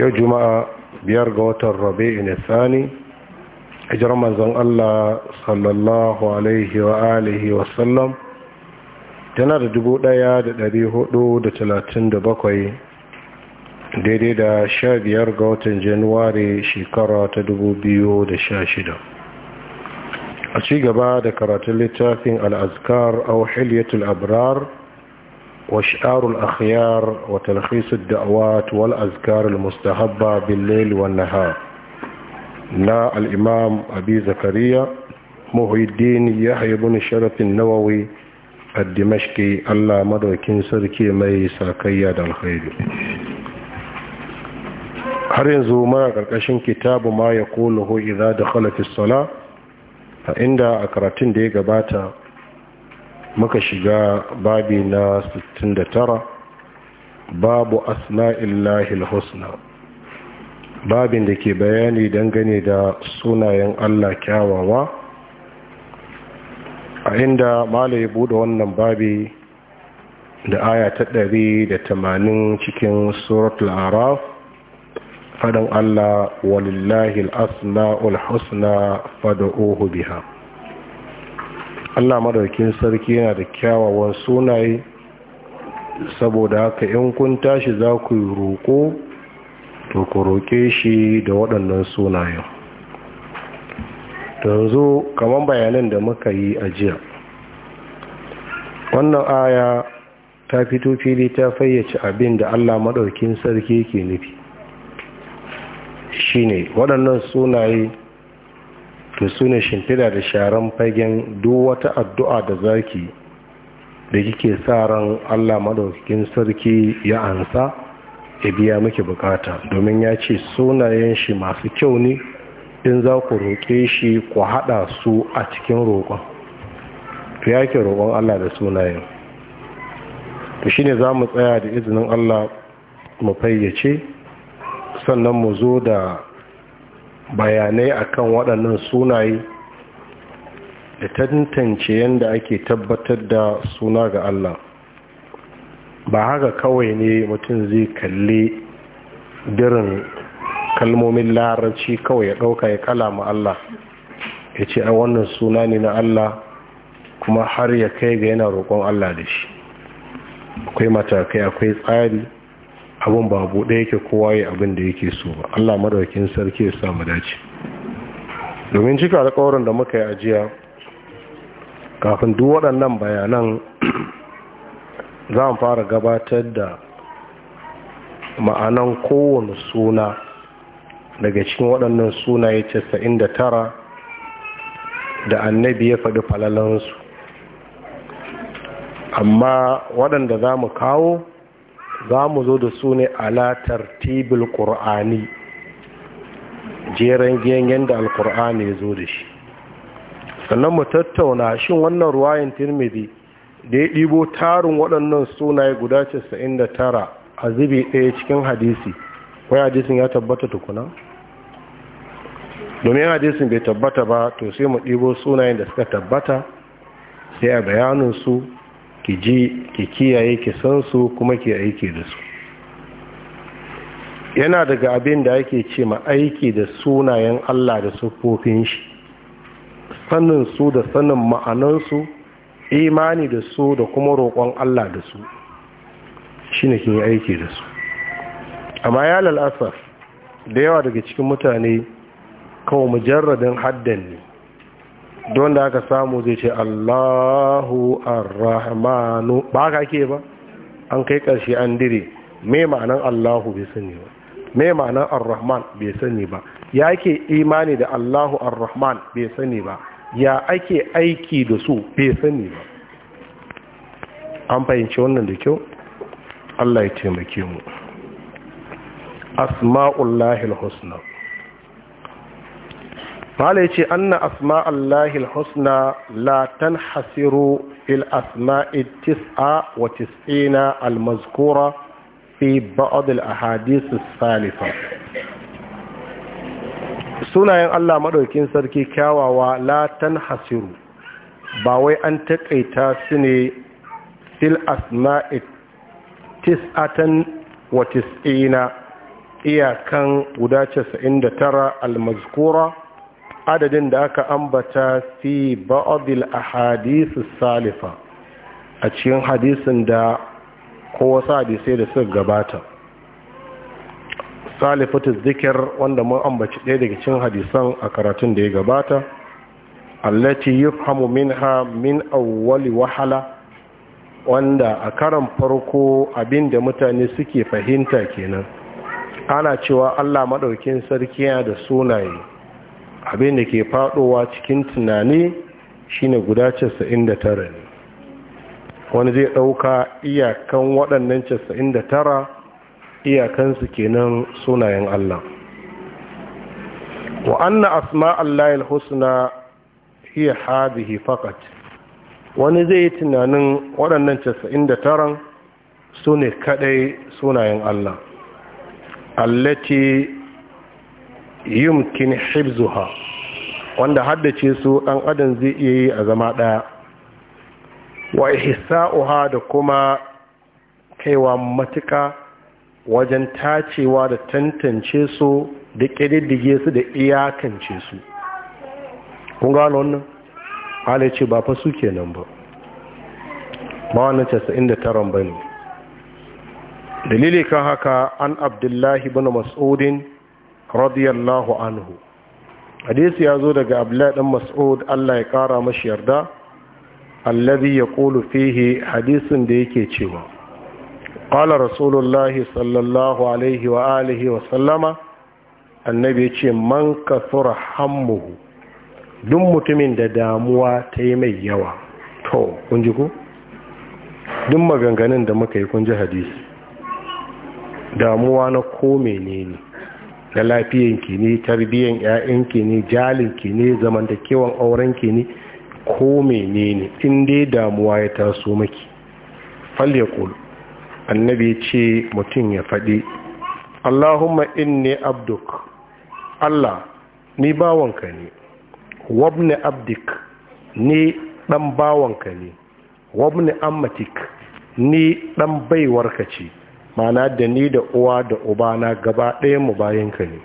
yau juma'a biyar ga watan rabi'in a hijirar manzon Allah sallallahu alaihi wa alihi wa sallam tana da dubu ɗaya da dari hudu da talatin da bakwai daidai da sha biyar ga watan januwari shekara ta dubu biyu da sha shida a cigaba da karatun littafin al'azkar a wahiliyatul abrar وشعار الأخيار وتلخيص الدعوات والأذكار المستهبة بالليل والنهار نا الإمام أبي زكريا مهي الدين يحيى بن شرف النووي الدمشقي الله مدوكين سركي مي ساكيا الخير هرين yanzu muna ƙarƙashin kitabu ma ya kuluhu idza الصلاة فإن دا أكرتين inda a muka shiga babi na 69 babu asma'illahi al-husna babin da ke bayani dangane da sunayen Allah kyawawa a inda malaye buɗe wannan babi da aya ta ɗari da tamanin cikin suratul araf haɗin Allah walillahi asmaul husna fad'uhu biha Allah madaukin sarki yana da kyawawan sunaye saboda haka in kun tashi za ku yi roƙo to ku roƙe shi da waɗannan sunayen yanzu kamar bayanan da muka yi a jiya wannan aya ta fito fili ta fayyace abin da Allah maɗaukin sarki ke nufi shine waɗannan sunaye to su ne da sharan fagen duk wata addu'a da zaki da kike sa ran allah maɗaukakin sarki ya ansa ya biya miki bukata domin ya ce sunayen shi masu kyau ne in za ku roƙe shi ku haɗa su a cikin roƙon to ya ke roƙon allah da sunayen to shi za mu tsaya da izinin allah mu fayyace sannan mu zo da bayanai akan waɗannan sunaye da tantance yadda ake tabbatar da suna ga Allah ba haka kawai ne mutum zai kalli dirin kalmomin larabci kawai ya ɗauka ya kala ma Allah ya ce a wannan suna ne na Allah kuma har ya kai ga yana roƙon Allah da shi akwai matakai akwai tsari abin ba buɗe yake kowa yi abin da yake so ba Allah madaukakin sarki ya samu dace domin cika alƙawarin da muka yi ajiya kafin duk waɗannan bayanan za mu fara gabatar da ma'anan kowane suna daga cikin waɗannan sunaye casa'in da tara da annabi ya faɗi falalansu amma waɗanda za mu kawo za mu zo da su ne ala tartibul qur'ani jeren giyan yadda alkur'ani ya zo da shi sannan mu tattauna shin wannan ruwayin tirmidhi da ya ɗibo tarin waɗannan sunaye guda 99 a zubi ɗaya cikin hadisi wai hadisin ya tabbata tukuna domin hadisin bai tabbata ba to sai mu ɗibo sunayen da suka tabbata sai a bayanin su. ki ji ki kiyaye ki san su kuma ki aiki da su yana daga abin da ake ce ma aiki da sunayen Allah da kofin shi sanin su da sanin ma'anansu imani da su da kuma roƙon Allah da su shi kin yi aiki da su amma ya lalasa da yawa daga cikin mutane kawai mujarradin haddan ne don da aka samu zai ce Allahu arrahmanu ba ka ke ba an kai ƙarshe an dire me ma'anan Allahu bai sani ba me ma'anan arrahman bai sani ba ya ke imani da Allahu arrahman bai sani ba ya ake aiki da su bai sani ba an fahimci wannan da kyau Allah ya taimake mu asma'ullahi al-husna mala ce, anna asma allahi alhusna la hasiru fil asma tis'a wa tis'ina almazkura fi ba'd a Salisa. salifa sunayen Allah maɗaukin sarki kyawawa la hasiru ba wai an taƙaita su ne fil asma tis'atan wa tis'ina iyakan guda 99 almazkura adadin da aka ambata fi ba'adil hadisun salifa a cikin hadisin da ko hadisai da suka gabata ta zikir wanda mun ambaci ɗaya daga cikin hadisan a karatun da ya gabata allati min ha min awwali wahala wanda a karan farko abin da mutane suke fahimta kenan ana cewa Allah maɗaukin sarki yana da sunaye abin da ke fadowa cikin tunani shine guda 99 ne wani zai dauka iyakan waɗannan 99 iyakansu kenan sunayen Allah wa anna asma'allahi al-husna hiya hadhihi faqat wani zai yi tunanin waɗannan 99 su ne kaɗai sunayen Allah allati yumkin hibzuha wanda haddace su ɗan adam zai iya yi a zama ɗaya wa ihsa'uha da kuma kaiwa matuka wajen tacewa da tantance su da ƙididdige su da iyakance su kun gano wannan hala ce ba fa su kenan ba ba wannan taron ba ne dalili kan haka an abdullahi bin mas'udin radiyallahu anhu hadisi ya zo daga abdullahi dan mas'ud Allah ya kara mashi yarda alladhi yaqulu fihi hadisin da yake cewa qala rasulullahi sallallahu alaihi wa alihi wa sallama annabi yace man kathura hammuhu duk mutumin da damuwa ta yi mai yawa to kun ji ku duk maganganun da muka yi kun ji hadisi damuwa na ko menene ne na lafiyanki ne tarbiyyan 'ya'yanki ne jalinki ne zamantakewan aurenki ne ko menene in dai damuwa ya taso maki Fal ya falyakul annabi ya ce mutum ya faɗi allahumma inni abduk allah ni bawanka ne wabni abdik ni ɗan bawanka ne wabni ammatik ni ɗan baiwarka ce mana da ni da uwa da uba na gaba ɗaya mu bayanka ne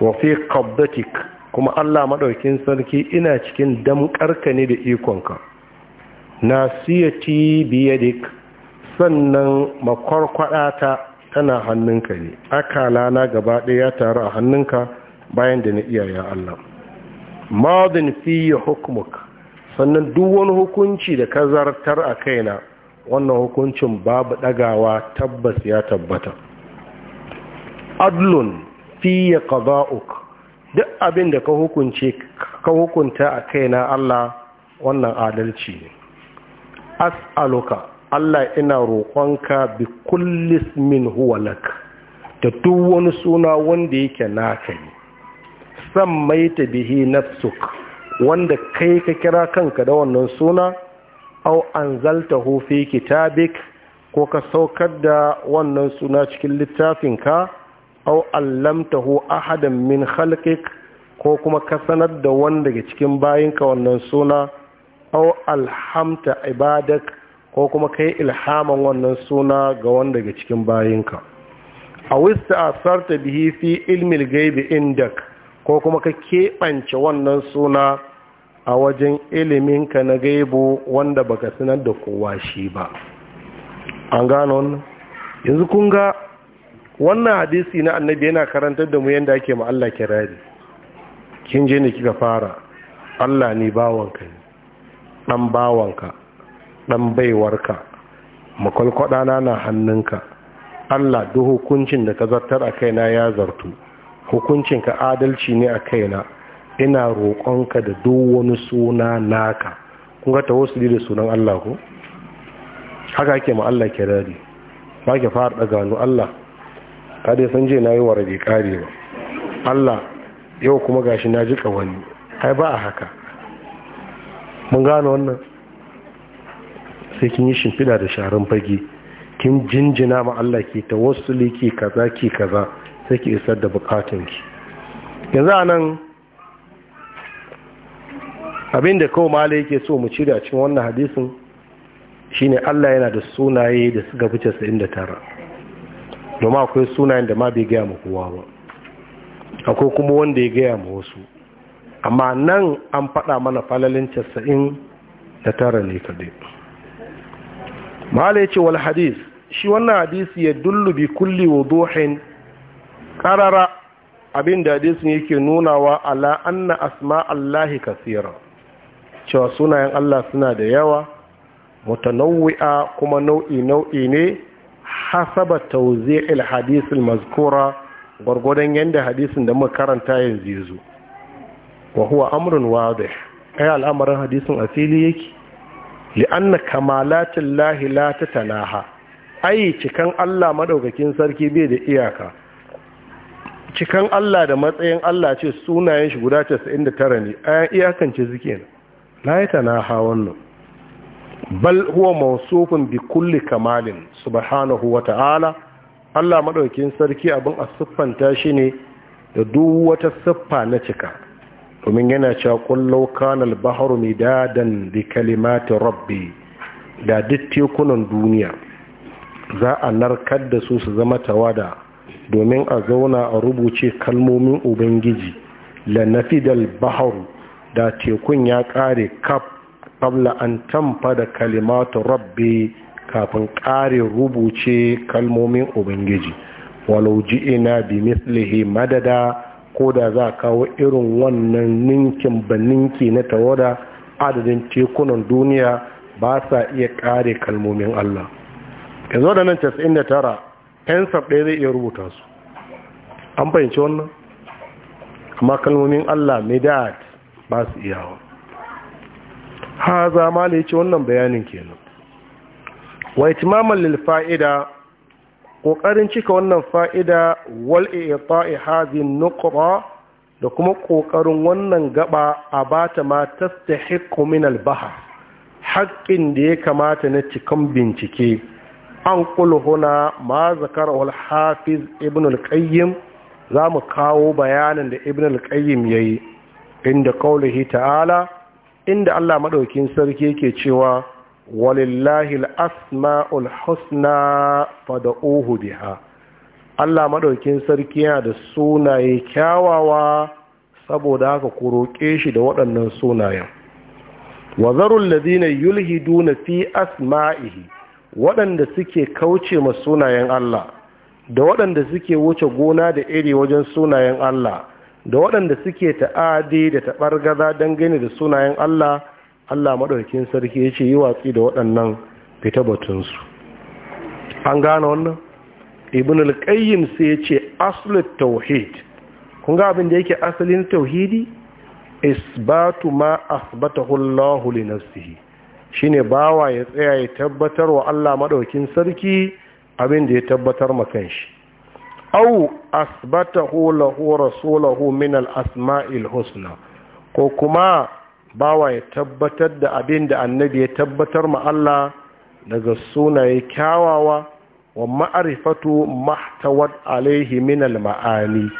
wafi Kabdatik kuma Allah maɗaukin sarki ina cikin damƙarka ne da ikonka Na nasiyati biyadik sannan makwarkwaɗata tana hannunka ne akala na gaba ɗaya tare a hannunka bayan da na iyayen Allah madin fiye hukumuk sannan duk wani hukunci da ka zartar a kaina wannan hukuncin babu ɗagawa tabbas ya tabbata adlun fiye qada'uk duk abin da ka hukunce ka hukunta a kaina Allah wannan adalci ne as'aluka Allah ina roƙonka bi kullis min huwa lak da duk wani suna wanda yake naka ne san maita bihi nafsuk wanda kai ka kira kanka da wannan suna au anzaltahu fi kitabik ko ka saukar da wannan suna cikin littafinka au allamtahu ahadan min khalqik ko kuma ka sanar da wanda daga cikin bayinka wannan suna au alhamta ibadak ko kuma kai ilhaman wannan suna ga wanda daga cikin bayinka a wista asarta bihi fi ilmil gaibi indak ko kuma ka keɓance wannan suna a wajen iliminka na gaibo wanda baka sanar da kowa shi ba an gano wannan yanzu kun ga wannan hadisi na annabi yana karantar da mu yadda ake ma Allah kirari kin je ne kika fara Allah ne bawanka ne dan bawanka dan baiwarka makwalkwadana na hannunka Allah duk hukuncin da ka zartar a kaina ya zartu hukuncinka adalci ne a kaina ina roƙonka da duk wani suna naka kun ga tawassuli da sunan Allah ko haka ake ma Allah kirari ba ke fara daga wani Allah ka dai san je na yi warabe kare ba Allah yau kuma gashi na jika wani ai ba a haka mun gano wannan sai kin yi shimfida da sharan fage kin jinjina ma Allah ke tawassuli ke kaza ke kaza sai ki isar da bukatunki yanzu anan nan abin da kawo mala yake so mu cire a cikin wannan hadisin shine Allah yana da sunaye da suka fi 99 domin akwai sunayen da ma bai gaya mu kowa ba akwai kuma wanda ya gaya mu wasu amma nan an faɗa mana falalin 99 ne kadai mala yace wal hadis shi wannan hadisi ya dullu bi kulli wuduhin qarara abin da hadisin yake nunawa ala anna asma Allahi kasira cewa sunayen Allah suna da yawa mutanawwi'a kuma nau'i nau'i ne hasaba tawzi'il hadith mazkura gwargwadon yanda hadisin da muka karanta yanzu yazo wa huwa amrun wadih ai al'amarin hadisin asili yake li'anna kamalatin lahi la tatanaha ai cikan Allah madaukakin sarki bai da iyaka cikan Allah da matsayin Allah ce sunayen shi guda 99 ne ayan iyakance suke la ha wannan bal huwa mawsufun bi kulli kamalin subhanahu wa ta'ala Allah maɗaukin sarki abin a siffanta shi ne da duk wata siffa na cika domin yana cewa kullau kana al-bahru midadan bi kalimati rabbi da duk tekunan duniya za a narkar da su su zama tawada domin a zauna a rubuce kalmomin ubangiji la nafidal bahru da tekun ya kare kaf kabla an tamfa da kalimatu rabbi kafin kare rubuce kalmomin ubangiji walau ina bi mislihi madada ko da za kawo irin wannan ninkin ba ninki na tawada adadin tekunan duniya ba sa iya kare kalmomin Allah yanzu da nan 99 'yan ɗaya zai iya rubuta su an fahimci wannan amma kalmomin Allah medad ba su iyawa ha zama ne ce wannan bayanin kenan wa itimaman lil fa'ida ƙoƙarin cika wannan fa'ida wal i'ta'i hazin nuqra da kuma ƙoƙarin wannan gaba a bata ma tastahiqqu min al haƙƙin da ya kamata na cikan bincike an huna ma zakar al hafiz ibn al qayyim za mu kawo bayanin da ibn al qayyim yayi inda qaulihi ta'ala inda Allah maɗaukin sarki yake cewa walillahi al-asma'ul husna fad'uhu biha Allah maɗaukin sarki yana da sunaye kyawawa saboda haka ku roƙe shi da waɗannan sunayen wa zarul ladina yulhiduna fi asma'ihi waɗanda suke kauce ma sunayen Allah da waɗanda suke wuce gona da iri wajen sunayen Allah da waɗanda suke ta'adi da taɓargaza dangane da sunayen Allah Allah maɗaukin sarki ya ce yi watsi da waɗannan fita batunsu an gane wannan ibn al-qayyim sai ya ce Asli tauhid kun ga abin da yake asalin tauhidi isbatu ma asbatahu Allah li nafsihi shine bawa ya tsaya ya tabbatar wa Allah maɗaukin sarki abin da ya tabbatar ma kanshi au asbatahu lahu rasulahu min al-asma'il husna ko kuma bawa ya tabbatar da abin da annabi ya tabbatar ma Allah daga sunaye kyawawa wa ma'arifatu mahtawat alaihi min al-ma'ani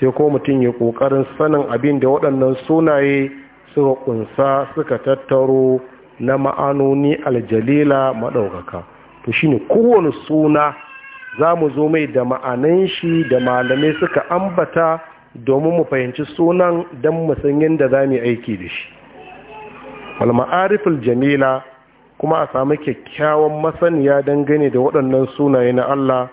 sai ko mutum ya kokarin sanin abin da waɗannan sunaye suka kunsa suka tattaro na ma'anoni aljalila madaukaka to shine kowane suna za mu zo mai da ma'anan shi da malamai suka ambata domin mu fahimci sunan don mu san yadda za mu aiki da shi al jamila kuma a sami kyakkyawan masaniya dangane da waɗannan sunaye na Allah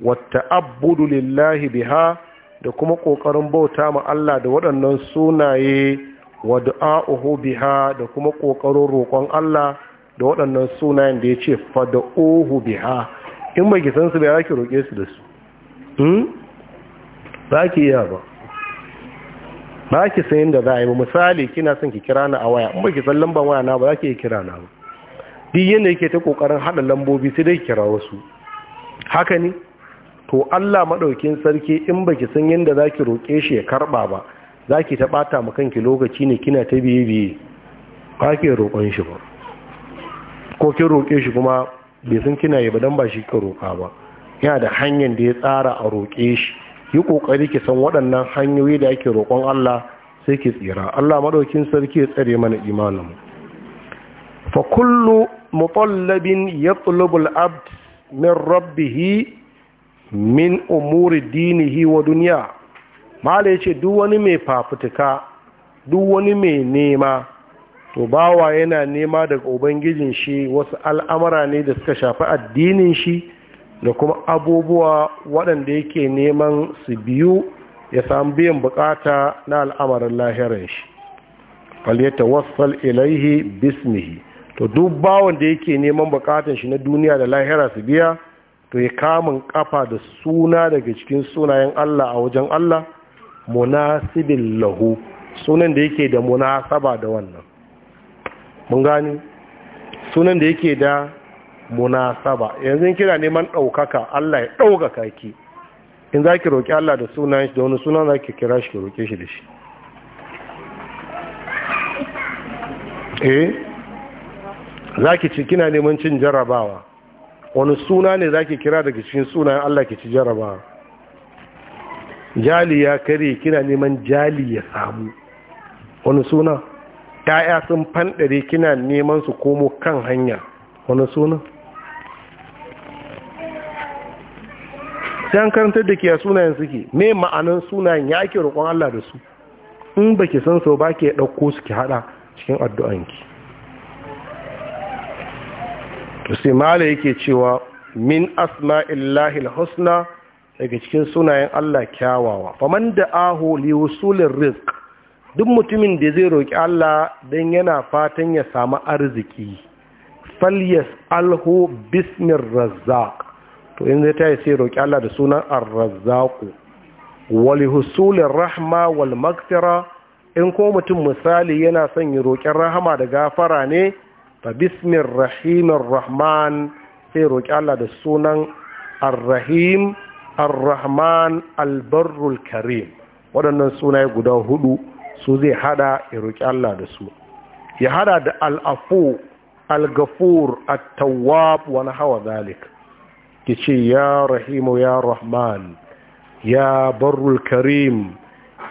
wata abudu lillahi biha da kuma ƙoƙarin bauta ma Allah da waɗannan sunaye wa du'a'uhu biha da kuma ƙoƙarin roƙon Allah da waɗannan sunayen da ya ce fada'uhu biha in ba ki san su ba ya ki roƙe su da su hmm? ba ki iya ba ba ki san yadda za a yi ba misali kina son ki kira na a waya in ba ki san lambar waya na ba za ki iya kira na ba duk yadda yake ta ƙoƙarin haɗa lambobi sai dai kira wasu haka ne to Allah maɗaukin sarki in ba ki san yadda za ki roƙe shi ya karɓa ba za ki ta ɓata ma kanki lokaci ne kina ta biye biye ba ki roƙon shi ba ko ki roƙe shi kuma bai san kina yi ba dan ba shi ka roƙa ba yana da hanyar da ya tsara a roƙe shi yi ƙoƙari ki san waɗannan hanyoyi da ake roƙon Allah sai ki tsira Allah madaukin sarki ya tsare mana imanin fa kullu mutallabin yatlubu al-abd min rabbihi min umuri dinihi wa dunya mala yace duk wani mai fafutuka duk wani mai nema to bawa yana nema daga ubangijin shi wasu al'amara ne da suka shafi addinin shi da kuma abubuwa waɗanda yake neman su biyu ya samu biyan bukata na al'amarin lahirin shi faliyata wasal ilaihi bismihi to duk bawon da yake neman bukatan shi na duniya da lahira su biya to ya kamun kafa da suna daga cikin sunayen Allah a wajen Allah munasibin lahu sunan da yake da munasaba da wannan mun gani sunan da yake da munasaba yanzu kina neman ɗaukaka Allah ya ɗaukaka ki in za ki Allah da sunan shi da wani sunan za ki kira shi roke roƙe shi da shi eh za ki ci kina neman cin jarabawa wani suna ne za ki kira daga cikin sunan Allah ki ci jarabawa jali ya kare kina neman jali ya samu wani suna ‘ya'ya sun fanɗare kina neman su komo kan hanya wani suna sai an karantar da ke sunayen suke me ma'anin sunayen ya ake roƙon Allah da su in ba ki san sau ba ke ɗauko su haɗa cikin addu'anki to sai mala yake cewa min asma'illahi al-husna daga cikin sunayen Allah kyawawa faman da aho liwusulin risk duk mutumin da zai roƙi Allah don yana fatan ya samu arziki falyas alhu bismin razzaq to in zai ta yi sai roƙi Allah da sunan ar wali husulin rahma wal maghfira in ko mutum misali yana son yi roƙin rahama da gafara ne fa bismin rahimin rahman sai roƙi Allah da sunan arrahim arrahman ar karim waɗannan sunaye guda hudu su zai hada ya roƙi Allah da su ya hada da al'afu al-gafur at-tawwab wa hawa zalik ce ya rahimu ya rahman ya barul karim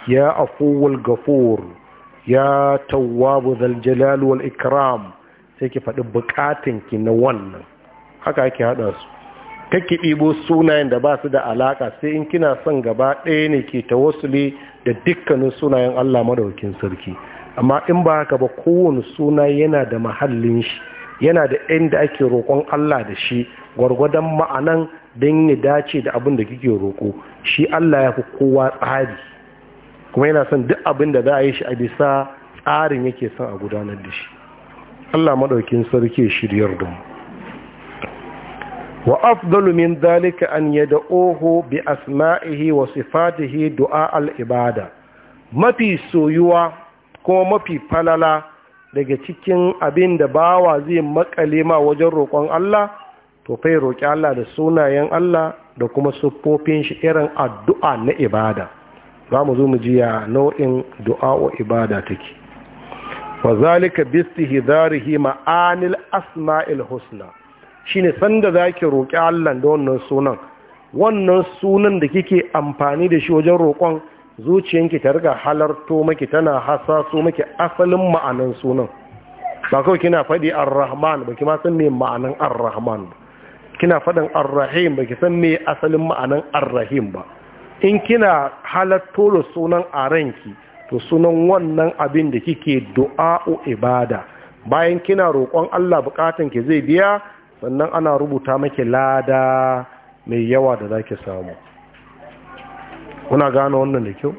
ya afuwul gafur ya tawwabu zal jalal wal ikram sai ki faɗi buƙatun ki na wannan haka ake haɗa su kake ɗibo sunayen da ba su da alaka sai in kina son gaba ɗaya ne ke tawassuli da dukkanin sunayen Allah maɗaukin sarki amma in ba haka ba kowane suna yana da mahallin shi yana da inda ake roƙon Allah da shi gwargwadon ma'anan don ya dace da abin da kike roƙo shi Allah ya fi kowa tsari kuma yana son duk abin da za a yi shi a bisa tsarin yake son a gudanar da shi Allah maɗaukin sarki shiryar da mu wa afdalu min Anya da Oho bi asma'ihi wa sifatihi du'a al-ibada mafi soyuwa ko mafi falala daga cikin abin da bawa zai makale ma wajen roƙon Allah to fai roƙi Allah da sunayen Allah da kuma siffofin shi irin addu'a na ibada za mu zo mu ji ya nau'in du'a wa ibada take wa zalika bistihdarihi ma'anil asma'il husna shine sanda zaki roƙi Allah da wannan sunan wannan sunan da kike amfani da shi wajen roƙon zuciyanki ta riga halarto maki tana hasaso maki asalin ma'anan sunan ba kawai kina faɗi ar-rahman ba kima san me ma'anan ar-rahman kina faɗin ar-rahim ba ki san me asalin ma'anan ar-rahim ba in kina halarto da sunan a ranki to sunan wannan abin da kike du'a'u ibada bayan kina roƙon Allah bukatun zai biya sannan ana rubuta maki lada mai yawa da zaki samu kuna gano wannan da kyau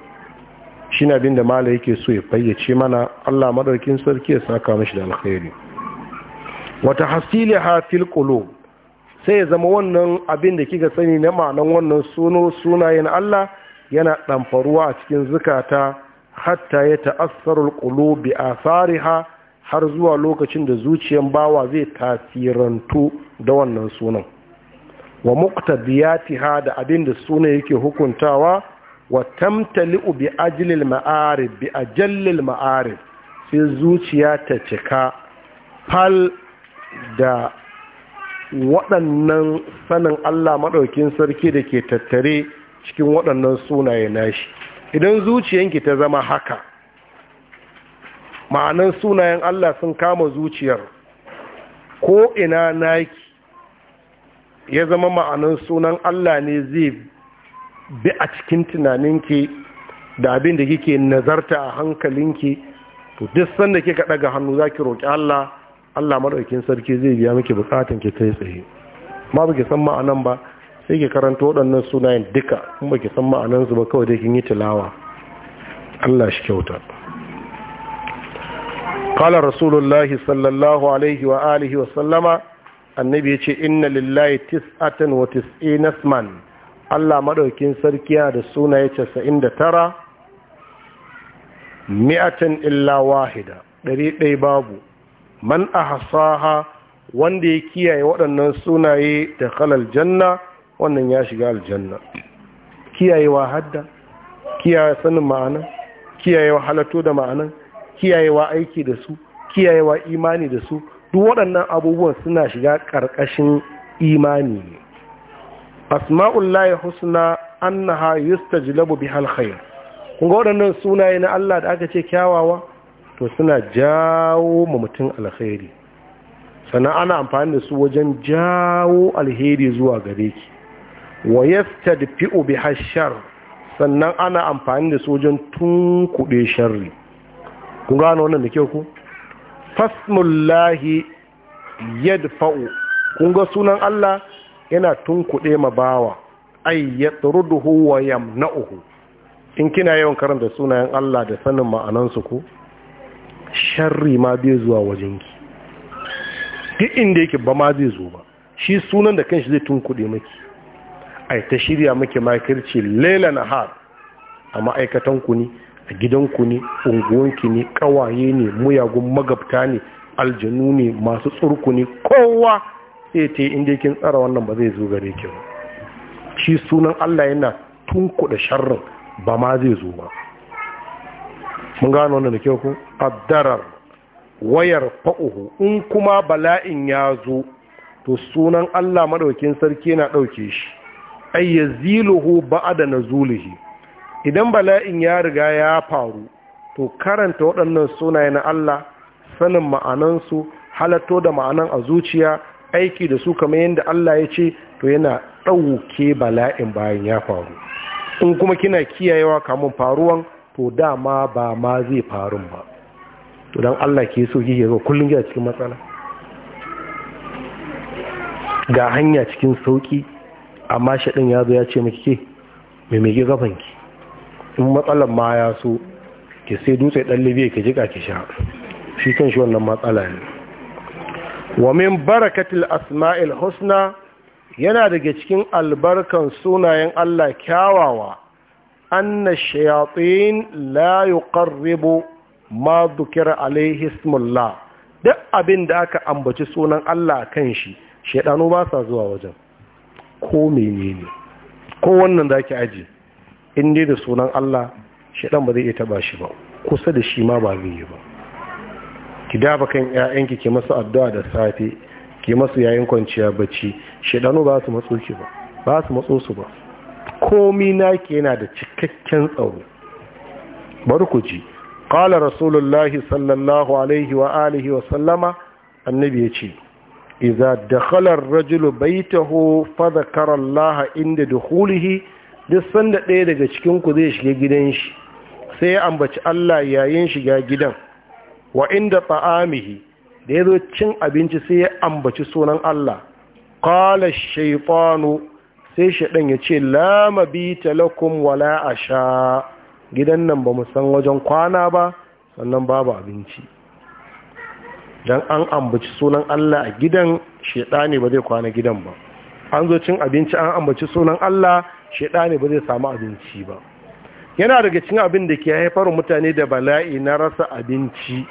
shi na abin da mala yake so ya fayyace mana allah madarkin sarki ya saka mashi da alkhairi wata hasili hafil kulo sai ya zama wannan abin da kika sani na ma'anan wannan suno sunayen allah yana ɗamfaruwa a cikin zukata hatta ya ta'assarar kulo bi asariha har zuwa lokacin da zuciyan bawa zai tasirantu da wannan sunan wa muqtadiyatiha da abin da sunan yake hukuntawa wa tamtali'u bi ajlil ma'arif bi ajallil ma'arif sai zuciya ta cika fal da waɗannan sanin Allah maɗaukin sarki da ke tattare cikin waɗannan sunaye nashi idan zuciyanki ta zama haka ma'anan sunayen Allah sun kama zuciyar ko ina naki ya zama ma'anan sunan Allah ne zai bi a cikin tunaninki da abin da kike nazarta a hankalinki to duk sanda kika daga hannu zaki roki Allah Allah madaukakin sarki zai biya miki bukatun ki tai tsaye ma baki san ma'anan ba sai ki karanta waɗannan sunayen duka kuma baki san ma'anan su ba kawai dai kin yi tilawa Allah shi kyauta qala rasulullahi sallallahu alaihi wa wa sallama annabi ya ce inna lillahi tis'atan wa tis'ina isman Allah madaukin sarkiya da sunaye 99 mi'atan illa wahida ɗari ɗaya babu man ahsaha wanda ya kiyaye waɗannan sunaye da kalal janna wannan ya shiga aljanna kiyaye sanin ma'ana da ma'anan kiyayewa aiki da su kiyayewa imani da su duk waɗannan abubuwan suna shiga ƙarƙashin imani ne asma'ullahi husna annaha yustajlabu bihal khair kun ga waɗannan sunaye na Allah da aka ce kyawawa to suna jawo ma mutum alkhairi sannan ana amfani da su wajen jawo alheri zuwa gare ki wa yastadfi'u bihashar sannan ana amfani da su wajen tunkuɗe sharri kun gano wannan da kyau ku fasmullahi yadfa'u kun ga sunan Allah yana tunkuɗe ma bawa ay yatruduhu wa yamna'uhu in kina yawan karanta sunayen Allah da sanin ma'anansu ku sharri ma bai zuwa wajen ki? duk inda yake ba ma zai zo ba shi sunan da kanshi zai tunkuɗe maki ai ta shirya maki makirci laila nahar a ma'aikatan ku ne a gidanku ne unguwanki ne kawaye ne muyagun magabta ne aljanu ne masu tsurku ne kowa sai ta yi inda kin tsara wannan ba zai zo gare ki ba shi sunan Allah yana tunkuɗa sharrin ba ma zai zo ba mun gano wannan da kyau ku addarar wayar fa'uhu in kuma bala'in ya zo to sunan Allah madaukin sarki yana ɗauke shi ayyazilu ba'ada na nazulihi idan bala'in ya riga ya faru to karanta waɗannan sunaye na Allah sanin ma'anansu halatto da ma'anan a zuciya aiki da su kamar yadda Allah ya ce to yana ɗauke bala'in bayan ya faru in kuma kina kiyayewa kamun faruwan to dama ba ma zai faru ba to don Allah ke so yi zo kullum gida cikin matsala ga hanya cikin sauki amma shaɗin ya zo ya ce maki ke mai mai gabanki in matsalar ma ya so ki sai dutse dan libya ki jika ki sha shi kan shi wannan matsala ne wa min barakatil asma'il husna yana daga cikin albarkan sunayen Allah kyawawa anna shayatin la yuqarribu ma dhukira alaihi ismullah duk abin da aka ambaci sunan Allah kan shi shedanu ba sa zuwa wajen ko menene ko wannan da ake aji in dai da sunan Allah shaɗan ba zai iya taɓa shi ba kusa da shi ma ba zai yi ba ki dafa kan 'ya'yanki ki masu addu'a da safe ki masu yayin kwanciya bacci shaɗanu ba su matso ki ba ba su matso su ba komi naki yana da cikakken tsaro bari ku ji qala rasulullahi sallallahu alaihi wa alihi wa sallama annabi ya ce idza dakhala ar-rajulu baytahu fa dhakara Allah inda dukhulihi duk sanda ɗaya daga cikinku zai shiga gidan shi sai ya ambaci Allah yayin shiga gidan wa inda ta'amihi da ya zo cin abinci sai ya ambaci sunan Allah ƙala shaifanu sai shaɗan ya ce lama bi talakun wala asha gidan nan ba mu san wajen kwana ba sannan babu abinci Don an ambaci sunan Allah a gidan ne ba zai kwana gidan ba an zo cin abinci an ambaci sunan Allah ne ba zai samu abinci ba yana daga cikin abin da ke haifar mutane da bala'i na rasa abinci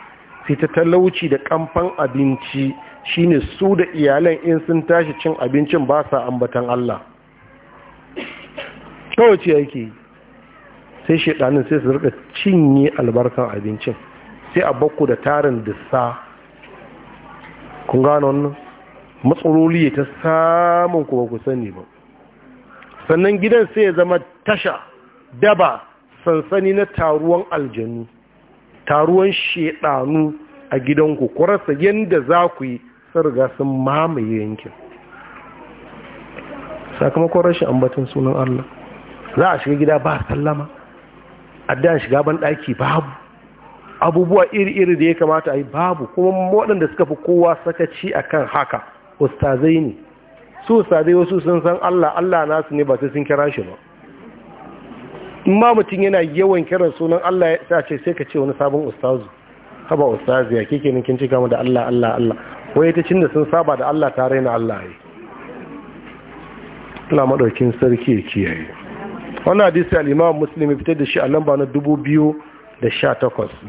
sai ta talauci da kamfan abinci shine su da iyalan in sun tashi cin abincin ba sa ambatan Allah kawace ake yake sai shaidanin sai su rika cinye albarkan abincin sai a bakku da tarin dissa kun gano wannan matsaloli ta samun kuma ku sani ba sannan gidan sai ya zama tasha daba sansani na taruwan aljanu taruwan shedanu a gidanku ku yadda za ku yi sarga sun mamaye yankin sakamakon rashin ambatin sunan Allah za a shiga gida ba sallama a dan shiga ban daki babu abubuwa iri-iri da ya kamata a yi babu kuma waɗanda suka fi kowa sakaci akan haka ustazai ne su sadai wasu sun san Allah Allah nasu ne ba sai sun kira shi ba in ma mutum yana yawan kiran sunan Allah ya a ce sai ka ce wani sabon ustazu haba ustazu ya kike nan kin cika mu da Allah Allah Allah wai ta cin da sun saba da Allah ta raina Allah yi Ina madaukin sarki ya kiyaye wannan hadisi al-Imam Muslim ya fitar da shi a lamba na 2018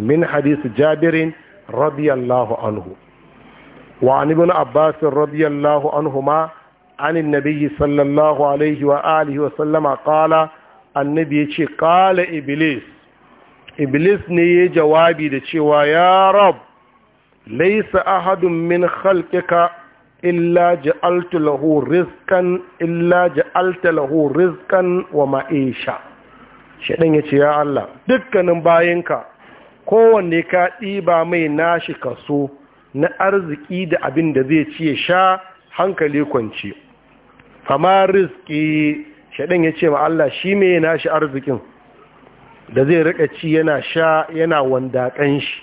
min hadisi Jabirin radiyallahu anhu wa an ibn Abbas radiyallahu anhuma عن النبي صلى الله عليه وآله وسلم قال النبي يقول قال إبليس إبليس ني جوابي دي يا رب ليس أحد من خلقك إلا جعلت له رزقا إلا جعلت له رزقا ومعيشة shaɗin ya ce ya Allah dukkanin bayanka kowanne ka ɗiba mai nashi kaso na arziki da abin da zai ci sha hankali kwanci fama rizki shaɗin ya ce ma Allah shi ne na shi arzikin da zai rika ci yana sha yana wandaƙan shi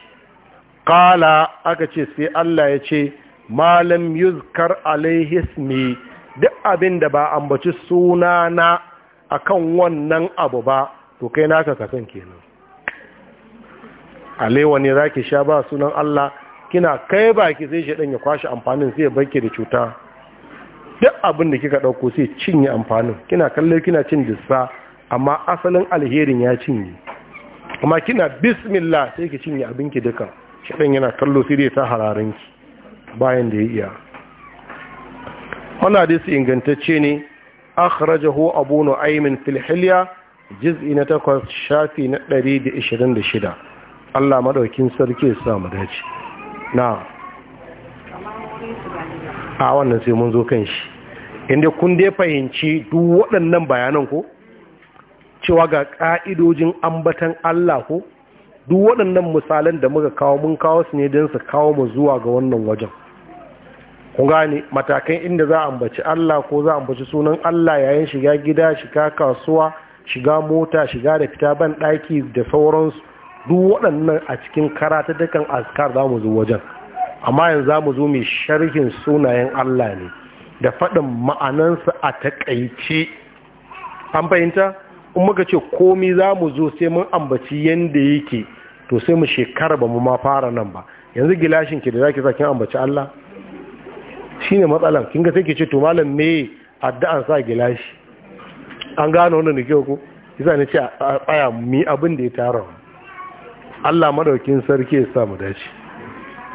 ƙala aka ce sai Allah ya ce malam yuzkar alaihismi duk abin da ba ambaci sunana na kan wannan abu ba to kai naka kasan kenan alewa ne za ki sha ba sunan Allah kina kai baki zai shaɗin ya kwashe amfanin sai ya barke da cuta duk abin da kika ɗauko sai cinye amfanin kina kallo kina cin dissa amma asalin alherin ya cinye amma kina bismillah sai ki cinye abinki duka shaɗan yana kallo sai dai ta hararinki bayan da ya iya wani hadisi ingantacce ne akhrajahu abu nu'aymin fil hilya juz'i na takwas shafi na 126 Allah maɗaukin sarki ya sa dace na a wannan sai mun zo kan shi inda kun dai fahimci duk waɗannan bayanan ko cewa ga ƙa'idojin ambatan Allah ko duk waɗannan misalan da muka kawo mun kawo su ne don su kawo mu zuwa ga wannan wajen kun gane matakan inda za a ambaci Allah ko za a ambaci sunan Allah yayin shiga gida shiga kasuwa shiga mota shiga da fita ban ɗaki da sauransu duk waɗannan a cikin karatattakan askar za mu zo wajen amma yanzu za mu zo mai sharhin sunayen Allah ne da faɗin ma'anansa a taƙaice an fahimta in muka ce komi za mu zo sai mun ambaci yadda yake to sai mu shekara ba mu ma fara nan ba yanzu gilashin ki da za ki sa kin ambaci Allah shine matsalan kin ga sai ki ce to malam me addu'an sa gilashi an gano wannan da kyau ko yasa ne ce a tsaya mi abin da ya tara Allah madaukin sarki ya sa mu dace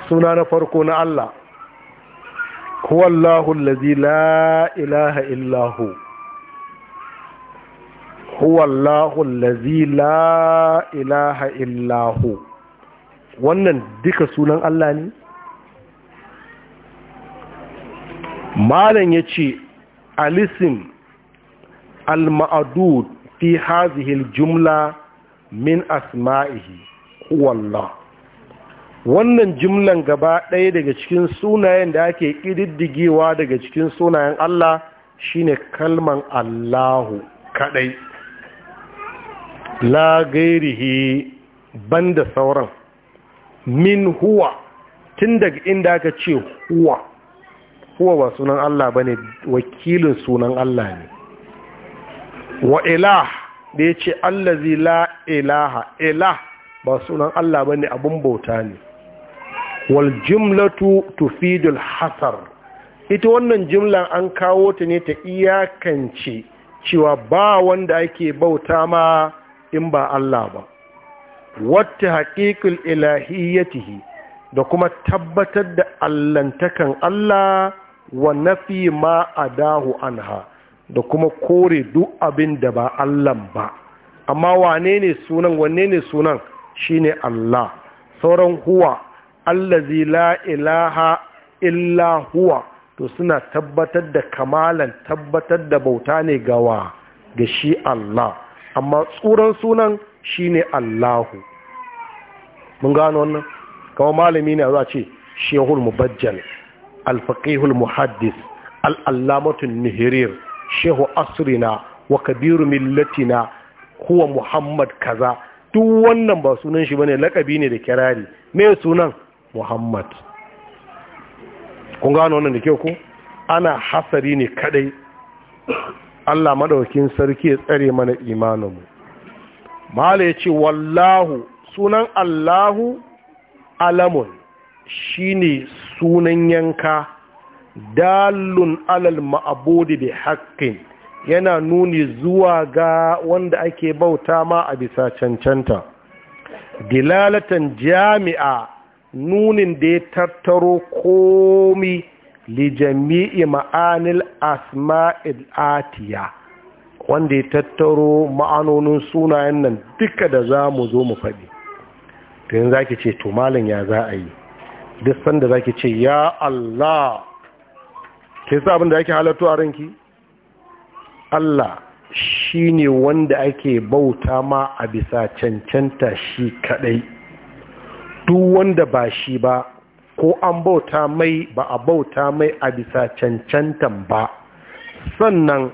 suna na farko na Allah huwallahu allazi la ilaha illahu huwallahu allazi la ilaha illahu wannan duka sunan Allah ne malam ce alisim al-ma'dud fi hadhihi jumla min asma'ihi huwallahu wannan jimlan gaba ɗaya daga cikin sunayen da ake ƙididdigewa daga cikin sunayen Allah shine kalman Allahu kaɗai la gairihi banda sauran min huwa tun daga inda aka ce huwa huwa ba sunan Allah ba ne wakilin sunan Allah ne wa ilah da ya ce allazi la ilaha ilah ba sunan Allah ba ne abin bauta ne wal jumlatu tufidul hasar ita wannan jimlan an kawo ta ne ta iyakance cewa ba wanda ake bauta ma in ba Allah ba wata haƙiƙul ilahiyyatihi da kuma tabbatar da allantakan Allah wa nafi ma adahu anha da kuma kore duk abin da ba Allah ba amma wane ne sunan wane ne sunan shine Allah sauran huwa allazi la ilaha illa huwa to suna tabbatar da kamalan tabbatar da bauta ne gawa ga shi Allah amma tsuran sunan shine Allahu mun gano wannan kawai malami ne za ce shehul mubajjal alfaqihul muhaddis al al'allamatun nihirir shehu asrina wa kabiru millatina huwa muhammad kaza duk wannan ba sunan shi bane lakabi ne da kirari me sunan muhammad kun gano wannan da kyau ku ana hasari ne kadai allah maɗaukin sarki ya tsare mana imaninmu mahala ya ce wallahu sunan allahu alamun shine sunan yanka dalun alal ma'abudi da haƙƙin yana nuni zuwa ga wanda ake bauta ma a bisa cancanta dilalatan jami'a nunin da ya tattaro komi li jami'i ma'anil asma'il atiya wanda ya tattaro ma'anonin sunayen nan duka da za mu zo mu faɗi tun za ki ce to malin ya za a yi duk sanda za ki ce ya Allah ke sa abin da ake halatu a ranki Allah shi ne wanda ake bauta ma a bisa cancanta shi kaɗai duk wanda ba shi ba ko an bauta mai ba a bauta mai a bisa cancantan ba sannan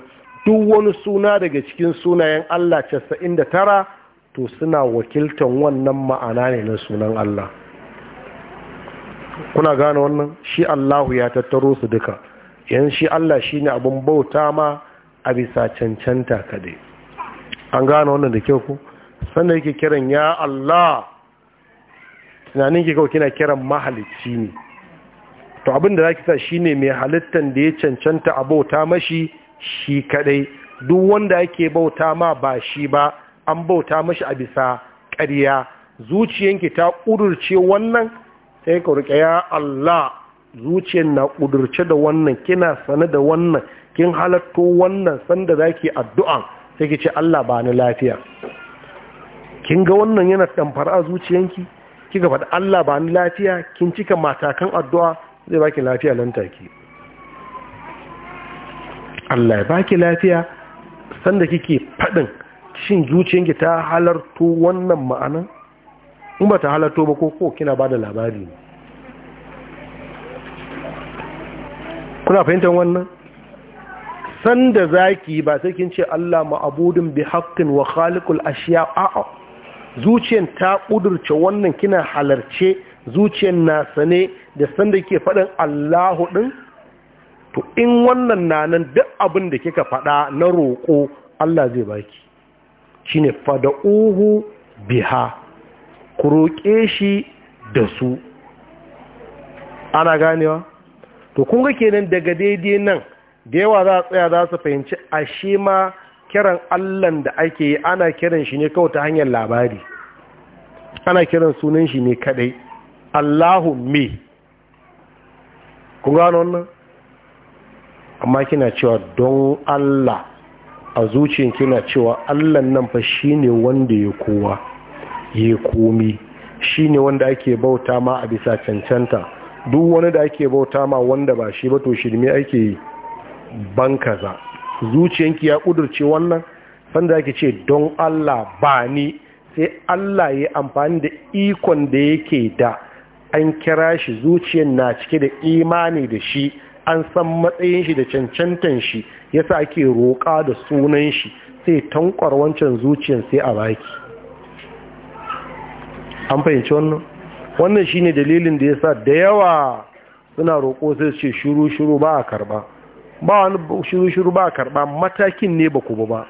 duk wani suna daga cikin sunayen Allah casa'in da tara to suna wakiltan wannan ma'ana ne na sunan Allah kuna gane wannan shi Allahu ya tattaro su duka yan shi Allah shi ne abin bauta ma a bisa cancanta kadai an gane wannan da kyau ku sannan yake kiran ya Allah tunanin ki kawai kina kiran mahalicci ne to abin da ki sa shine mai halittan da ya cancanta a bauta mashi shi kadai duk wanda yake bauta ma ba shi ba an bauta mashi a bisa ƙarya zuciyanki ta ƙudurce wannan sai ka rike ya Allah zuciyar na ƙudurce da wannan kina sane da wannan kin halatto wannan sanda zaki addu'an sai ki ce Allah ba ni lafiya kin ga wannan yana damfara a zuciyanki kika faɗi Allah ba ni lafiya kin cika matakan addu'a zai baki lafiya nan take Allah ya baki lafiya sanda kike faɗin shin zuciyanki ta halarto wannan ma'ana in ba ta halarto ba ko ko kina ba da labari ne kuna fahimtar wannan sanda zaki ba sai kin ce Allah ma'budun bi haqqin wa khaliqul ashiya a'a zuciyar ta ƙudurce wannan kina halarce zuciyar na sane da sanda ke faɗin allahu ɗin to in wannan na nan duk abin da kika faɗa na roƙo allah zai baki shi ne fada'uhu biha ku roƙe shi da su ana ganewa to kun ga kenan daga daidai nan da yawa za a tsaya za su fahimci ashe ma kiran allan da ake yi ana kiran shi ne kawai ta hanyar labari ana kiran sunan shi ne kadai allahu me ku gano wannan amma kina cewa don allah a zuciyar kina cewa allan nan fa shine wanda ya kowa ya komi shine wanda ake bauta ma a bisa cancanta duk wani da ake bauta ma wanda ba shi ba to shirme ake yi ban kaza zuciyanki ya kudurce wannan sanda yake ce don Allah ba ni sai Allah ya amfani da ikon da yake da an kira shi zuciyar na cike da imani da shi an san matsayin shi da cancantan shi yasa ake roƙa da sunan shi sai tankwar wancan zuciyar sai a baki an fahimci wannan wannan shine dalilin da yasa da yawa suna roƙo sai ce shiru shiru ba a karba ba wani shiru-shiru ba karba matakin ne ba ku ba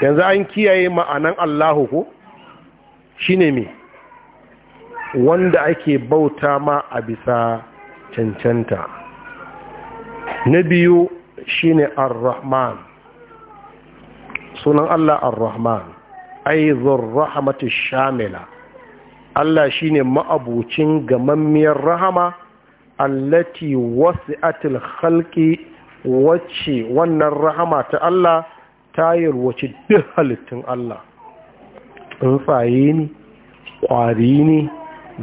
yanzu an kiyaye ma'anan allahu ko shine me wanda ake bauta ma a bisa cancanta na biyu shine ar-rahman sunan allah ar-rahman aizun rahamatu shamila allah shine ma'abucin gamammiyar rahama allati wasi'atil khalqi wacce wannan rahama ta Allah ta yarwace duk halittun Allah tsuntsaye ne ƙwari ne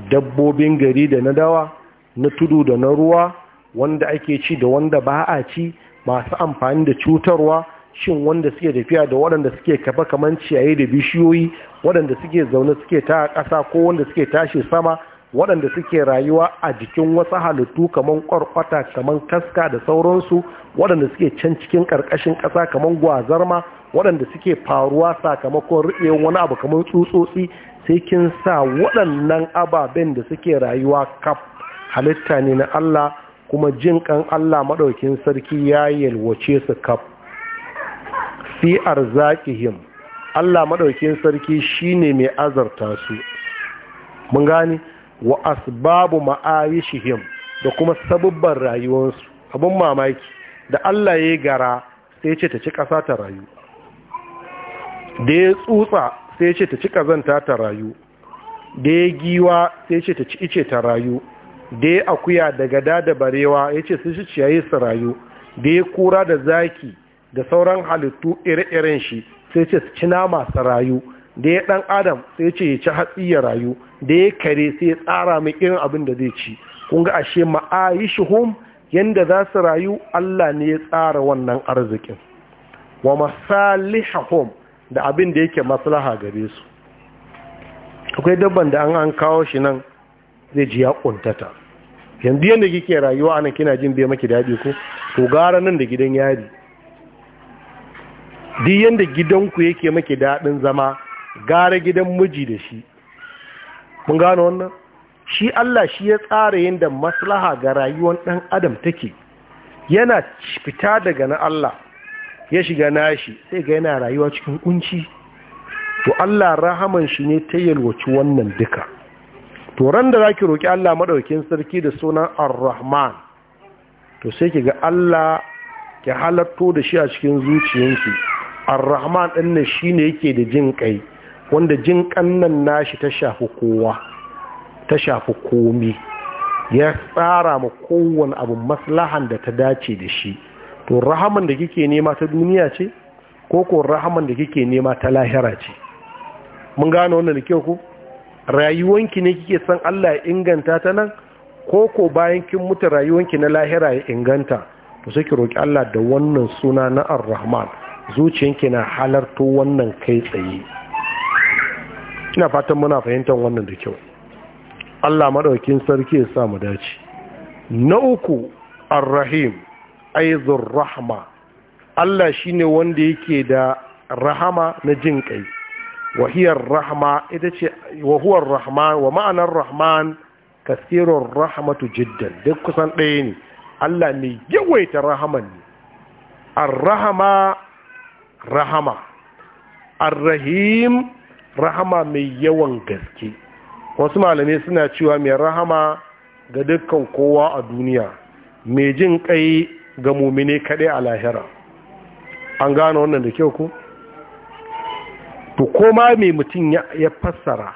dabbobin gari da na dawa na tudu da na ruwa wanda ake ci da wanda ba a ci masu amfani da cutarwa shin wanda suke tafiya da waɗanda suke kafa kamar ciyayi da bishiyoyi waɗanda suke zaune suke ta ƙasa ko wanda suke tashi sama waɗanda suke rayuwa a jikin wasu halittu kamar ƙwarƙwata kamar kaska da sauransu waɗanda suke can cikin ƙarƙashin ƙasa kamar gwazarma waɗanda suke faruwa sakamakon riɓe wani abu kamar tsutsotsi sai kin sa waɗannan ababen da suke rayuwa kaf halitta ne na Allah kuma jin kan Allah maɗaukin sarki ya yalwace su kaf fi arzakihim Allah maɗaukin sarki shine mai azarta su mun gani wa asbabu ma'ayishihim da kuma sabubban rayuwarsu abin mamaki da Allah ya gara sai ce ta ci ƙasa ta rayu da ya tsutsa sai ce ta ci ƙazanta ta rayu da ya giwa sai ce ta ci ice ta rayu da ya akuya da gada da barewa ya ce su ciyaye su rayu da ya kura da zaki da sauran halittu ire-iren shi sai ce su ci nama su rayu da ya ɗan adam sai ce ya ci hatsi ya rayu da ya kare sai ya tsara mai irin abin da zai ci kun ga ashe ma'ayishuhum yanda za su rayu Allah ne ya tsara wannan arzikin wa masalihahum da abin da yake maslaha gare su akwai dabban da an an kawo shi nan zai ji ya kuntata yanzu yanda kike rayuwa anan kina jin bai maki daɗi ko to gara nan da gidan yari duk yanda gidanku yake maki daɗin zama gara gidan miji da shi mun gano wannan shi Allah shi ya tsara yadda maslaha ga rayuwar ɗan adam take yana fita daga na Allah ya shiga nashi sai ga yana rayuwa cikin kunci to Allah rahaman shi ne ta yalwaci wannan duka to ran da zaki roki Allah maɗaukin sarki da sunan Ar-Rahman to sai ki ga Allah ki halatto da shi a cikin zuciyarki Ar-Rahman din ne shine yake da jin kai wanda jin kannan nashi ta shafi kowa ta shafi komi ya tsara ma kowane abu maslahan da ta dace da shi to rahaman da kike nema ta duniya ce ko ko rahaman da kike nema ta lahira ce mun gano wannan da kyau ku rayuwanki ne kike san Allah ya inganta ta nan ko ko bayan kin mutu rayuwanki na lahira ya inganta to sai ki roki Allah da wannan suna na Ar-Rahman zuciyanki na halarto wannan kai tsaye ina fatan muna fahimtar wannan da kyau Allah madaukin sarki ya sa mu dace na uku arrahim aizur rahma Allah shine wanda yake da rahama na jin kai wahiyar rahma ita ce wahuwar rahman wa ma'anar rahman kasirun rahmatu jiddan duk kusan ɗaya ne Allah mai yawaita rahaman ne ar-rahama rahama rahama rahama mai yawan gaske wasu malamai suna cewa mai rahama ga dukkan kowa a duniya mai jin kai ga mumine kaɗai a lahira an gano wannan da kyau ku? to koma mai mutum ya fassara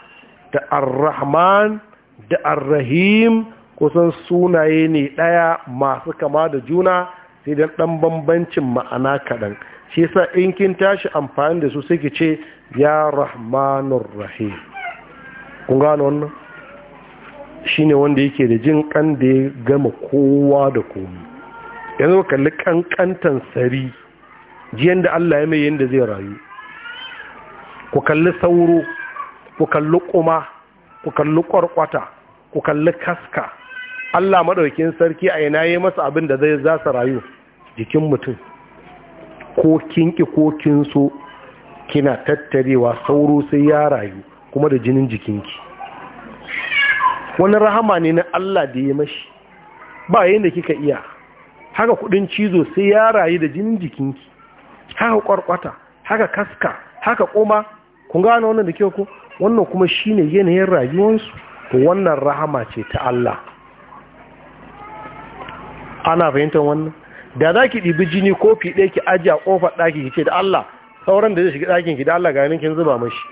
da ar da ar kusan sunaye ne ɗaya masu kama da juna sai dan ɗan bambancin ma'ana kaɗan shi sa in kin tashi amfani da su sai ce ya rahmanur rahim kun gano wannan Shi ne wanda yake da jin kan da ya gama kowa da komi yanzu ka kalli kankantan sari jiyan da Allah ya mai yadda zai rayu ku kalli sauro ku kalli kuma ku kalli kwarkwata ku kalli kaska Allah maɗaukin sarki a ina yi masa abin da zai zasa rayu jikin mutum ko kinki ko kinso kina tattarewa sauro sai ya rayu kuma da jinin jikinki wani rahama ne na Allah da ya mashi ba yayin kika iya haka kudin cizo sai ya rayu da jinin jikinki haka kwarkwata haka kaska haka koma kun gane wannan da kyau ko wannan kuma shine yanayin rayuwarsu to wannan rahama ce ta Allah ana fahimtar wannan da za ki ɗibi jini kofi ɗaya ki ajiye a ƙofar ɗaki ki ce da Allah sauran da zai shiga ɗakin ki da Allah ga kin zuba mashi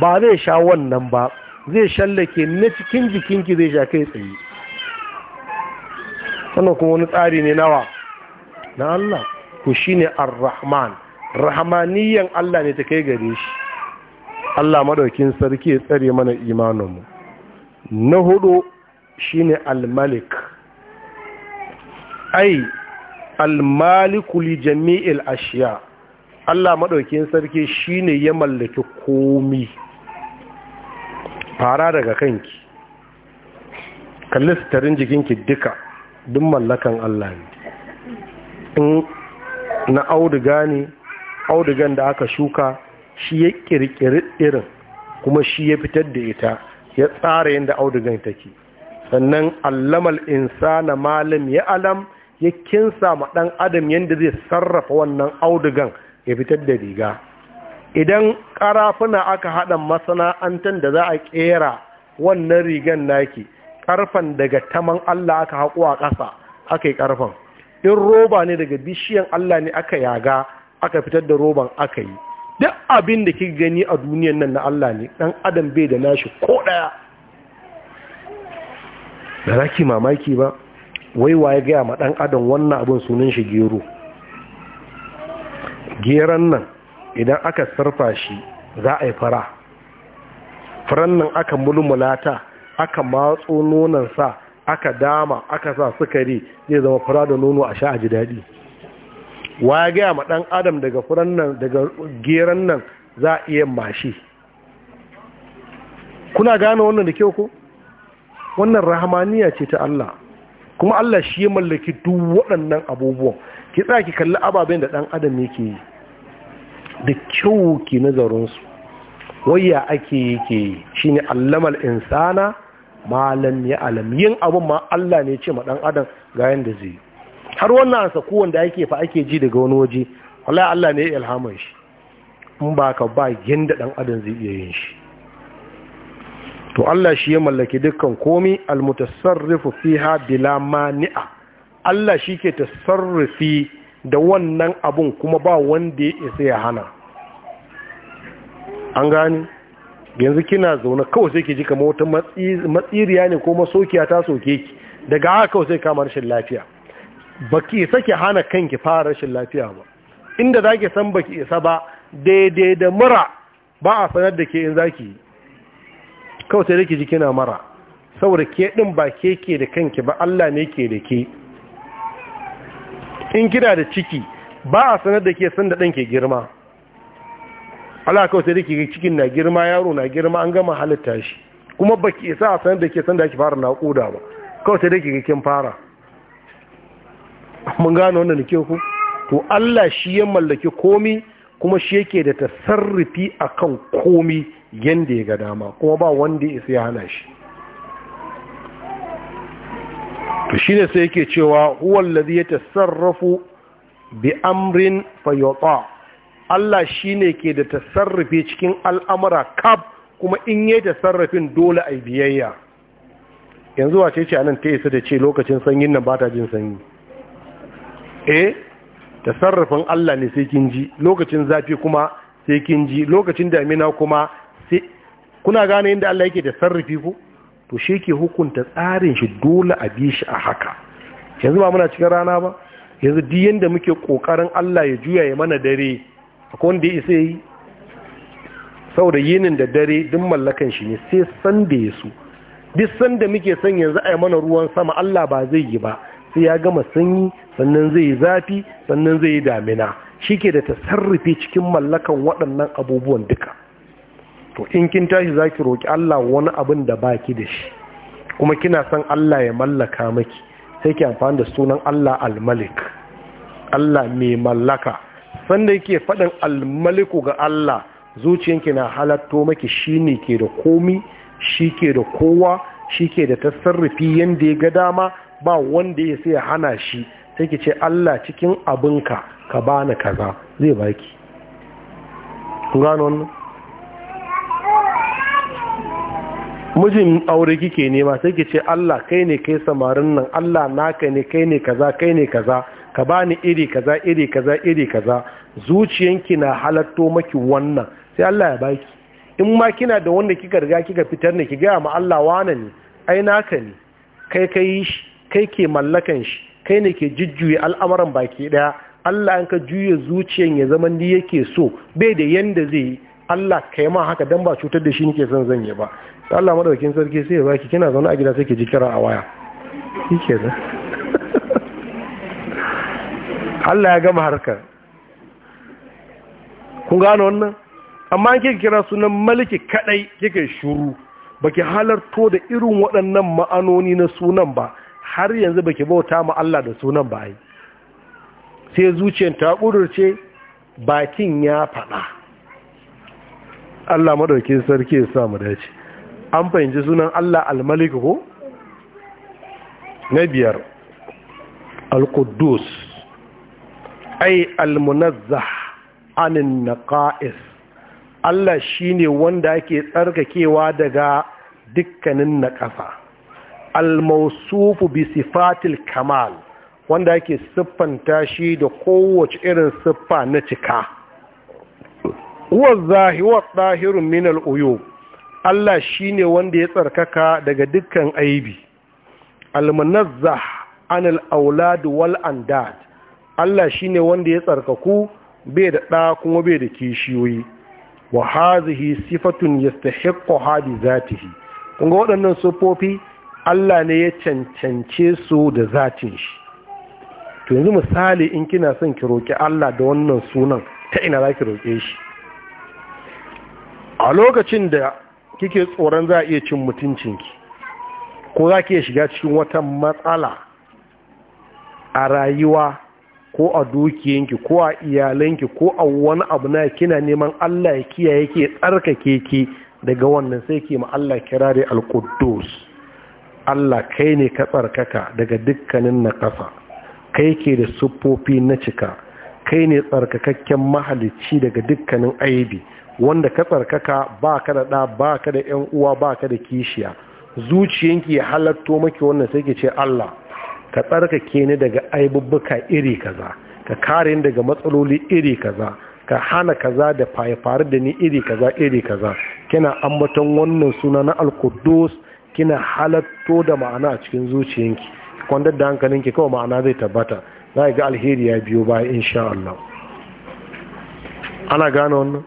ba zai sha wannan ba zai shallake na cikin jikin ki zai sha kai tsaye sannan kuma wani tsari ne nawa na Allah ku ne al rahman rahmaniyan Allah ne ta kai gare shi Allah madaukin sarki ya tsare mana imaninmu na hudu shine al-malik ai almalikuli jami'il ashiya Allah maɗaukin sarki shine ya mallaki komi fara daga kanki kalli jikinki duka duk mallakan Allah ne in na auduga ne audugan da aka shuka shi ya kirkiri irin kuma shi ya fitar da ita ya tsara yadda audugan take sannan allamal insana malam ya alam ya kinsa ma ɗan adam yadda zai sarrafa wannan audugan ya fitar da riga idan ƙarafuna aka haɗa masana'antar da za a ƙera wannan rigan naki ƙarfan daga taman Allah aka haƙo a ƙasa aka yi ƙarfan in roba ne daga bishiyan Allah ne aka yaga aka fitar da roban aka yi duk abin da kika gani a duniyan nan na Allah ne ɗan adam bai da nashi ko ɗaya da ki mamaki ba wai waye gaya ma ɗan adam wannan abin sunan shi gero geron nan idan aka sarfa shi za a yi fara faran nan aka mulmulata aka matso nonon sa aka dama aka sa sukari zai zama fara da nono a sha a ji daɗi ya gaya ma ɗan adam daga furan nan daga geron nan za a iya mashi kuna gane wannan da kyau ko wannan rahamaniya ce ta Allah kuma Allah shi ya mallaki duk waɗannan abubuwan ki tsaya ki kalli ababen da ɗan adam yake yi da kyau ki nazarinsu waya ake yake yi shine allamar insana malam ya alam yin abin ma Allah ne ce ma ɗan adam ga yadda zai har wannan sa kowanda ake fa ake ji daga wani waje wallahi Allah ne ya ilhamar shi in ba ka ba yanda ɗan adam zai iya yin shi to Allah shi ya mallaki dukkan komi almutasarrifu fiha bila mani'a Allah shi ke tasarrufi da wannan abun kuma ba wanda ya isa ya hana an gani yanzu kina zaune kawai sai ke ji kamar wata matsiriya ne ko masokiya ta soke ki daga haka kawai sai kama rashin lafiya baki sake hana kanki fara rashin lafiya ba inda zaki san baki isa ba daidai da mura ba a sanar da ke in zaki yi kawai sai ke jiki na mara saboda ke ɗin ba ke ke da kanki ba Allah ne ke da ke in kina da ciki ba a sanar da ke san da ɗan ke girma Allah kawai sai ke cikin na girma yaro na girma an gama halitta shi kuma baki sa a sanar da ke san da ake fara ƙuda ba kawai sai ke kin fara mun gano wannan da ke ku to Allah shi ya mallaki komi kuma shi yake da tasarrufi a kan komi yadda ya ga dama kuma ba wanda ya hana shi shi shine sai yake cewa huwa ya tasarrufu bi amrin fayuta Allah shi ne ke da tasarrufi cikin al'amura kab kuma in yi tasarrufin dole a biyayya yanzu wace ce anan ta isa da ce lokacin sanyin nan ba ta jin sanyi eh tasarrufin Allah ne sai kin ji lokacin zafi kuma sai kin ji lokacin damina kuma sai kuna gane inda Allah yake tasarrufi ku to shi yake hukunta tsarin shi dole a bi shi a haka yanzu ba muna cikin rana ba yanzu duk yanda muke kokarin Allah ya juya ya mana dare akwai wanda ya isa yi saboda yinin da dare duk mallakan shi ne sai san da ya so duk sanda muke san yanzu a mana ruwan sama Allah ba zai yi ba sai ya gama sanyi sannan zai yi zafi sannan zai yi damina shi ke da tasarrufi cikin mallakan waɗannan abubuwan duka to in kin tashi za ki roƙi Allah wani abin da ba ki da shi kuma kina son Allah ya mallaka maki sai ki amfani da sunan Allah al-malik Allah mai mallaka sanda yake faɗin al-maliku ga Allah zuciyanki na halatto maki shine ke da komi shi ke da kowa shi ke da tasarrufi yanda ya ga dama ba wanda ya sai hana shi sai ki ce Allah cikin abinka ka bani kaza zai baki gano wannan mijin aure kike nema sai ki ce Allah kai ne kai samarin nan Allah naka ne kai ne kaza kai ne kaza ka bani iri kaza iri kaza iri kaza zuciyanki na halatto maki wannan sai Allah ya baki in ma kina da wanda kika riga kika fitar ne ki ga ma Allah wane ne ai naka ne kai kai shi kai ke mallakan shi kai ne ke jujjuye al'amuran baki daya Allah an ka juya zuciyan ya zama ni yake so bai da yanda zai yi Allah ka yi ma haka dan ba cutar da shi nake son zan yi ba Allah madaukin sarki sai ya baki kina zaune a gida sai ke ji kira a waya yake zan Allah ya gama harkar kun gano wannan amma an kika kira sunan maliki kadai kika shuru baki halarto da irin waɗannan ma'anoni na sunan ba har yanzu baki bauta ma Allah da sunan ba ai sai zuciyar ta kudurce bakin ya faɗa Allah madaukin sarki ya sa mu dace an fahimci sunan Allah al-Malik ko na biyar al-Quddus ai al-Munazzah anin naqa'is Allah shine wanda yake tsarkakewa daga dukkanin naƙasa almausufu bi sifatil kamal wanda yake siffanta shi da kowace irin siffa na cika wa zahirun min al-uyub Allah shine wanda ya tsarkaka daga dukkan aibi an al aulad wal andad Allah shine wanda ya tsarkaku bai da ɗa kuma bai da kishiyoyi wa hazihi sifatun yastahiqqu hadi zatihi kun ga waɗannan siffofi Allah ne ya cancance su da zatin shi to yanzu misali in kina son ki roƙi Allah da wannan sunan ta ina za ki roƙe shi a lokacin da kike tsoron za a iya cin mutuncinki ko za ki shiga cikin wata matsala a rayuwa ko a dukiyanki ko a iyalanki ko a wani abu na kina neman Allah ya kiyaye ke tsarkake ki daga wannan sai ki ma Allah kirare al-Quddus Allah kai ne ka tsarkaka daga dukkanin na ƙasa kai ke da siffofi na cika kai ne tsarkakakken mahalicci daga dukkanin aibi wanda ka tsarkaka ba ka da ɗa ba ka da ‘yan uwa ba ka da kishiya zuciyanki ya halatto maki wannan sai ke ce Allah ka tsarkake ni daga aibubbuka iri kaza ka kare ni daga matsaloli iri kaza ka hana kaza da faifar da ni iri kaza iri kaza kina ambaton wannan suna na alkudus kina halatto da ma'ana a cikin zuciyanki kwandar da hankalinki kawai ma'ana zai tabbata za ga alheri ya biyo baya insha Allah ana gane wannan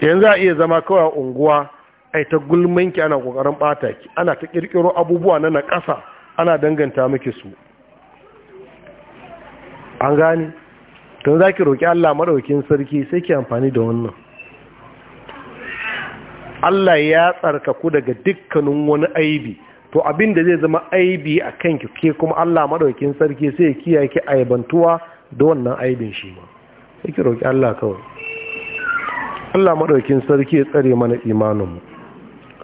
yanzu a iya zama kawai unguwa ai ta gulmanki ana kokarin bata ki ana ta kirkiro abubuwa na nakasa ana danganta miki su an gane tun zaki roki Allah madaukin sarki sai ki amfani da wannan Allah ya tsarkaku daga dukkanin wani aibi to abin da zai zama aibi a kanki ke kuma Allah maɗaukin sarki sai ya kiyaye ki aibantuwa da wannan aibin shi ma sai ki roki Allah kawai Allah maɗaukin sarki ya tsare mana imaninmu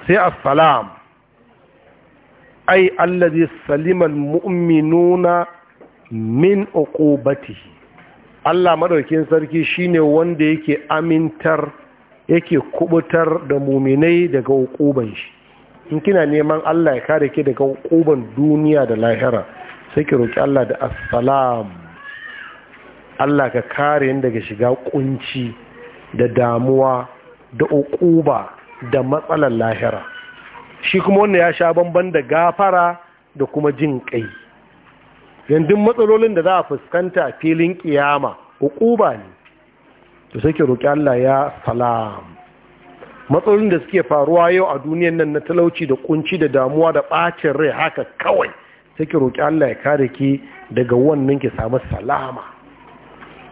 sai assalam ai allazi saliman mu'minuna min uqubatihi Allah maɗaukin sarki shine wanda yake amintar yake kubutar da muminai daga hukuban shi in kina neman Allah ya kare ke daga hukuban duniya da lahira sai ki roki Allah da assalam Allah ka kare ni daga shiga kunci da damuwa da hukuba da matsalar lahira shi kuma wanda ya sha bamban da gafara da kuma jin kai yanzu matsalolin da za a fuskanta filin kiyama hukuba ne to sai ke roƙi Allah ya salam matsalolin da suke faruwa yau a duniyan nan na talauci da kunci da damuwa da ɓacin rai haka kawai sai ke roƙi Allah ya kare ki daga wannan ki samu salama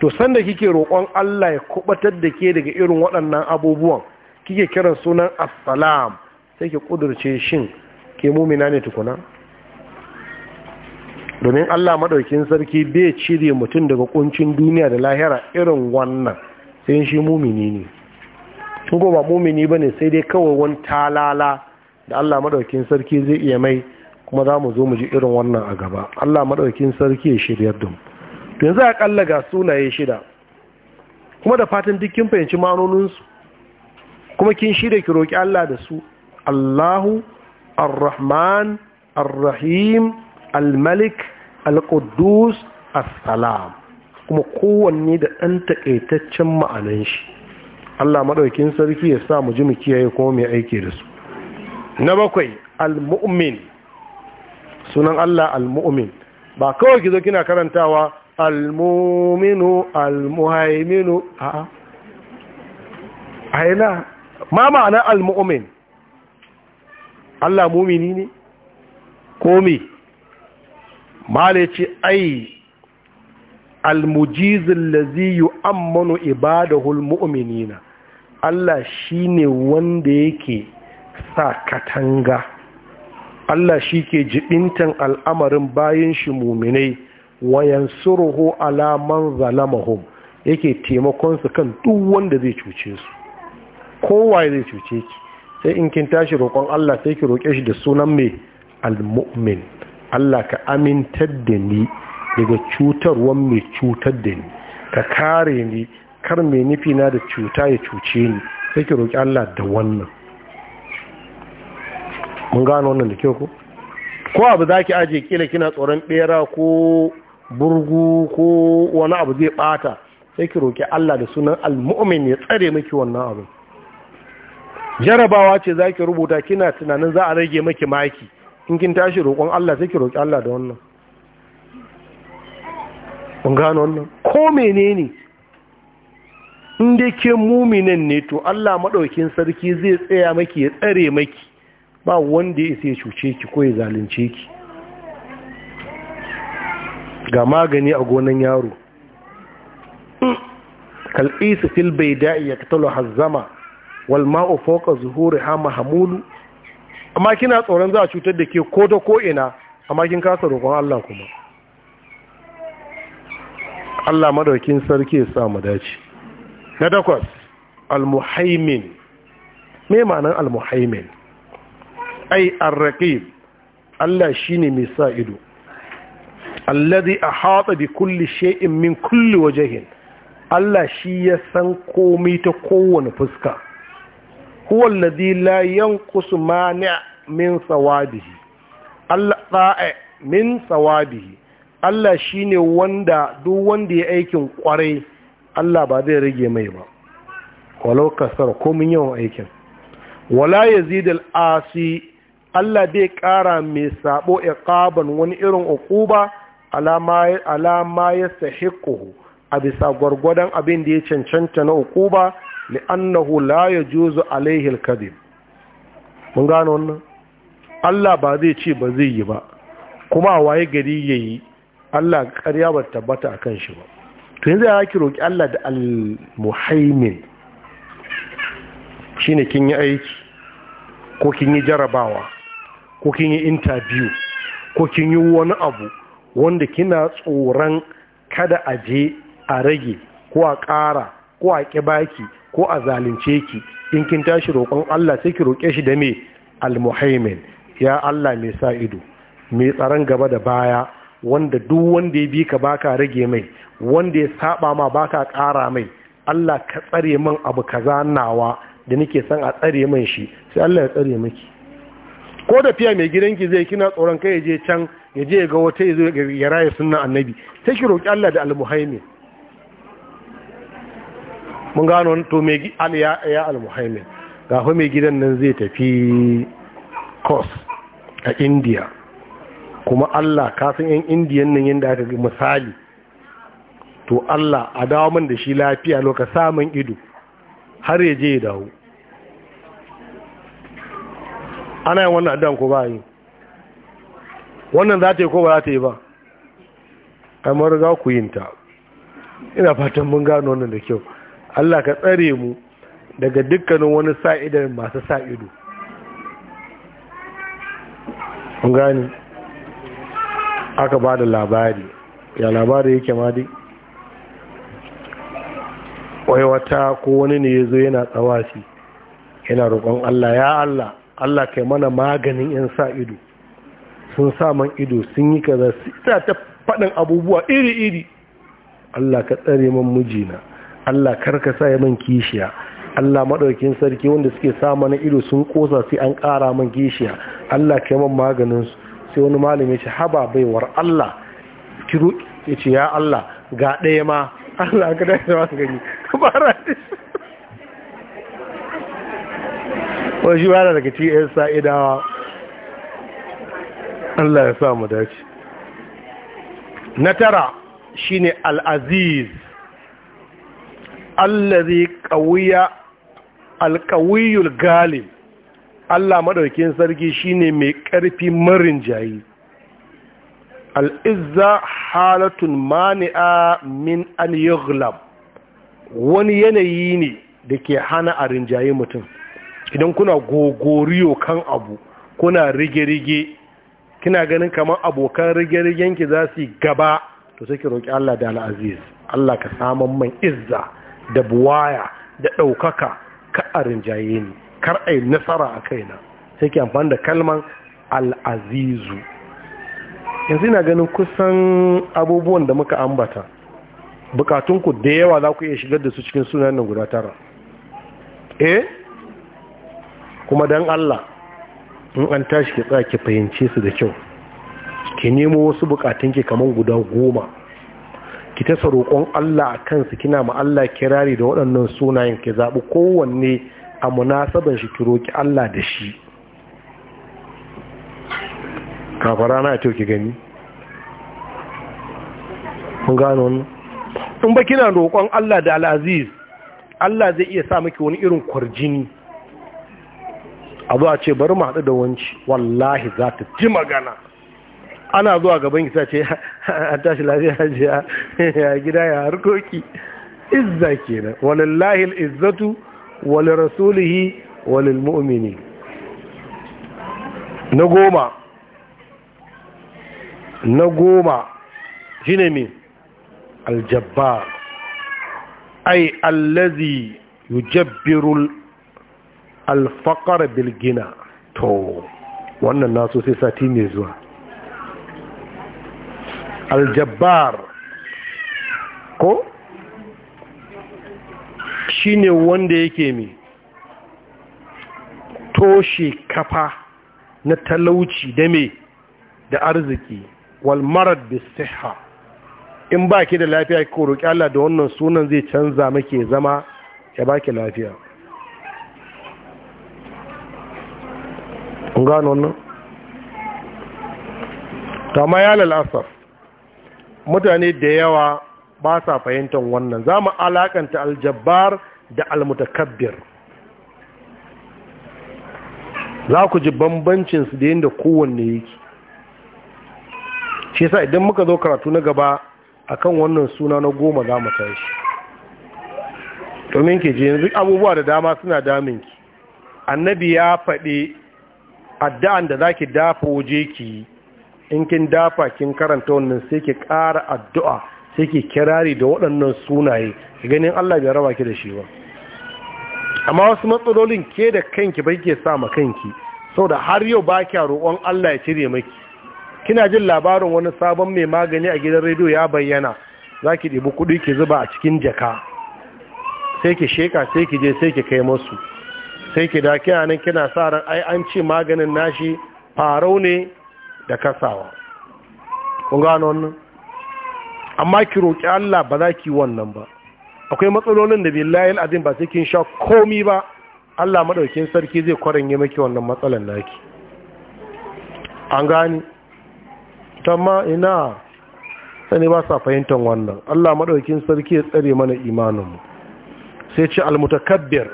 to sanda kike roƙon Allah ya kubatar da ke daga irin waɗannan abubuwan kike kiran sunan assalam sai ki kudurce shin ke mumina ne tukuna domin Allah Maɗaukin sarki bai cire mutum daga kuncin duniya da lahira irin wannan sai shi mumini ne in ko ba mumini ba ne sai dai kawai wani talala da allah maɗaukin sarki zai iya mai kuma za mu zo mu ji irin wannan a gaba allah maɗaukin sarki ya shirya dum to yanzu a ƙalla ga sunaye shida kuma da fatan duk kin fahimci ma'anoninsu kuma kin shirya ki roƙi allah da su allahu ar-rahman ar-rahim al-malik al-quddus as kuma kowanne da ɗan taƙaitaccen ma'anan shi Allah maɗaukin sarki ya sa mu ji mu kiyaye kuma mai aiki da su na bakwai al-mu'min sunan Allah al-mu'min ba kawai ki zo kina karantawa al-mu'minu al-muhaiminu a'a aina ma ma'ana al-mu'min Allah mumini ne ko me ce ai almujizin Laziyu Ammanu ibadahul mu'minina Allah shine wanda yake sa katanga Allah shi ke jibintan al'amarin bayan shi muminai wayan suruhu alaman zalamahum yake taimakonsu kan duk wanda zai cuce su kowa zai cuce ki sai in kin tashi roƙon Allah sai ki roƙe shi da sunan mai al-mu'min Allah ka amintar da ni daga cutarwar mai cutar da ni ka kare ni kar mai nufi na da cuta ya cuce ni sai ki roƙi Allah da wannan mun gano wannan da kyau ko ko abu ki aje kila kina tsoron ɓera, ko burgu ko wani abu zai bata sai ki roƙi Allah da sunan al-mumin ya tsare miki wannan abu jarabawa ce za ki rubuta kina tunanin za a rage maki maki in kin tashi roƙon Allah sai ki roƙi Allah da wannan kun gano wannan ko menene in dai ke muminan ne to Allah maɗaukin sarki zai tsaya maki ya tsare maki ba wanda ya isa ya cuce ki ko ya zalunce ki ga magani a gonan yaro kal'isu fil baida'i ya katalo hazzama wal ma'u fawqa ha mahmulu amma kina tsoron za a cutar da ke ko ta ko ina amma kin kasa roƙon Allah kuma Allah madaukin sarki ya sa mu dace na takwas al-muhaimin me ma'anar al-muhaimin ai ar-raqib Allah shine mai sa ido alladhi ahata bi kulli shay'in min kulli wajhin Allah shi ya san komai ta kowane fuska huwa alladhi la yanqusu mani' min sawabihi Allah ta'a min sawabihi Allah shi ne wanda duk wanda ya aikin kwarai Allah ba zai rage mai ba walau kasar komin yawan aikin wala ya al-asi Allah bai ƙara mai sabo iqaban wani irin uquba alama ya sahiƙo a bisa gwargwadon abin da ya cancanta na uquba li'annahu la yajuzu alaihi al-kadhib mun gano wannan Allah ba zai ce ba zai yi ba kuma waye gari yayi Allah karya ba tabbata a kan shi ba to yanzu ya ki roƙi Allah da al-muhaimin shine kin yi aiki ko kin yi jarabawa ko kin yi interview ko kin yi wani abu wanda kina tsoron kada a je a rage ko a ƙara ko a ƙi baki ko a zalunce ki in kin tashi roƙon Allah sai ki roƙe shi da me al-muhaimin ya Allah mai sa ido mai tsaron gaba da baya wanda duk wanda ya bi ka baka rage mai wanda ya saba ma baka ƙara mai Allah ka tsare min abu kaza nawa da nake son a tsare min shi sai Allah ya tsare miki ko da fiya mai gidanki zai kina tsoron kai je can ya je ga wata ya zo ya raye sunnan annabi sai ki roki Allah da almuhaimin mun gano to mai al ya ya almuhaimin ga fa mai gidan nan zai tafi course a India kuma Allah ka san yan indiyan nan yadda aka ga misali to Allah a dawo min da shi lafiya loka samun ido har ya je ya dawo ana yin wannan addan ko ba wannan za ta yi ko ba za ta yi ba kamar za ku yin ta ina fatan mun gano wannan da kyau Allah ka tsare mu daga dukkanin wani sa'idar masu sa'ido. ido gani aka ba da labari ya labari yake ma dai wai wata ko wani ne ya zo yana tsawaci yana roƙon Allah ya Allah Allah kai mana maganin yan sa ido sun sa ido sun yi kaza ta ta faɗin abubuwa iri-iri Allah ka tsare man mijina Allah karka sa ya man kishiya Allah maɗaukin sarki wanda suke sa mana ido sun ƙosa sai an ƙara man kishiya Allah kai man maganinsu sai wani malami shi haba baiwar Allah kiru ya ce ya Allah ga ɗaya ma Allah ka ɗaya ma gani shi. wani shi bada daga cikin sa'idawa Allah ya sa mu dace na tara ne al'aziz. Allah allazi qawiya al-qawiyul galib Allah maɗaukin sarki shine mai ƙarfi marin jayi al'izza halatun mani'a min an yughlab wani yanayi ne da ke hana a rinjaye mutum idan kuna gogoriyo kan abu kuna rige-rige kina ganin kamar abokan rige-rigenki za su yi gaba to sai ki roƙi Allah da al'aziz Allah ka saman man izza da buwaya da ɗaukaka ka a rinjaye ni kar a yi nasara a kaina sai ke amfani da kalman al'azizu yanzu na ganin kusan abubuwan da muka ambata bukatunku da yawa za ku iya shigar da su cikin sunan nan guda tara eh kuma don allah in an tashi ki tsaya ki fahimce su da kyau ki nemo wasu bukatunki kamar guda goma ki ta roƙon Allah a kansu kina ma Allah kirari da waɗannan sunayen ki zaɓi kowanne a munasaban shi ki roki Allah da shi kafara na ta ki gani Kun gano wannan in ba kina roƙon Allah da al'aziz Allah zai iya sa muke wani irin kwarjini a zuwa ce bari mu haɗu da wanci wallahi za ta ji magana ana zuwa gaban kisa ce an tashi lafiya hajiya ya gida ya harkoki izza wani wallahi izzatu Wali rasulihi wali mu'mini na goma na goma shine me ai allazi yujabbiru alfaqar bilgina gina to wannan naso sai sati mai zuwa aljabbar ko Shi ne wanda yake mai toshe kafa na talauci da mai da arziki wal marad siha in baki da lafiya ko roƙi Allah da wannan sunan zai canza make zama ya baki lafiya kun gano wannan to ya mutane da yawa ba sa fahimtar wannan za mu alakanta aljabbar da almutakabbir za ku ji bambancinsu da yadda kowanne yake shi sa idan muka zo karatu na gaba akan wannan suna na goma za mu tashi domin ke je yanzu abubuwa da dama suna daminki annabi ya faɗi addu'an da za ki dafa waje ki in kin dafa kin karanta wannan sai ki ƙara addu'a sai ke kirari da waɗannan sunaye ganin Allah bai raba ki da shi ba amma wasu matsalolin ke da kanki bai ke sa ma kanki saboda har yau ba kya roƙon Allah ya cire maki kina jin labarin wani sabon mai magani a gidan rediyo ya bayyana za ki ɗibi kuɗi ki zuba a cikin jaka sai ki sheka sai ki je sai ki kai masu sai ki dake kina kina sa ran ai an ce maganin nashi farau ne da kasawa kun gano wannan amma ki roƙi Allah ba za ki wannan ba akwai matsalolin da billahi alazim ba sai kin sha komi ba Allah madaukin sarki zai kwaranye maki wannan matsalan naki an gani tamma ina sani ba sa fahimtar wannan Allah madaukin sarki ya tsare mana imanin mu sai ce almutakabbir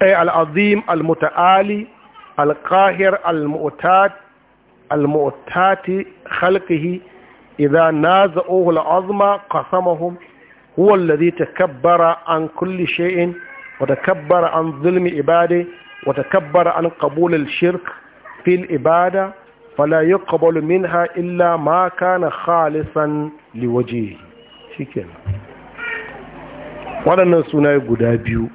ay alazim almutaali alqahir almu'tat almu'tati khalqihi idza naza'uhu al'azma qasamahum huwa ta takabbara an kulle shay'in wa takabbara an zulmi ibada, wa takabbara an qabul al-shirk fil ibada fala yuqbalu minha illa ma kana khalisan liwajhihi shikenan waɗannan sunaye guda biyu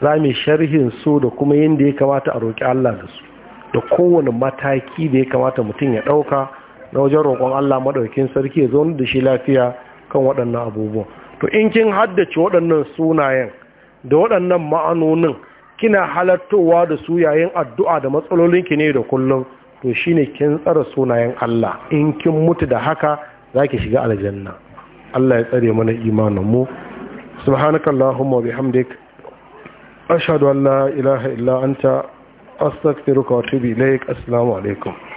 za mu sharhin su da kuma yadda ya kamata a roƙi Allah da su da kowane mataki da ya kamata mutum ya ɗauka na wajen roƙon Allah maɗaukin sarki ya da shi lafiya kan waɗannan abubuwan to in kin haddace waɗannan sunayen da waɗannan ma'anonin kina halattowa da su yayin addu'a da matsalolinki ne da kullum to shine kin tsara sunayen Allah in kin mutu da haka zaki shiga aljanna Allah ya tsare mana imanin mu subhanakallahumma wa bihamdik ashhadu an la ilaha illa anta astaghfiruka wa atubu ilaik assalamu alaikum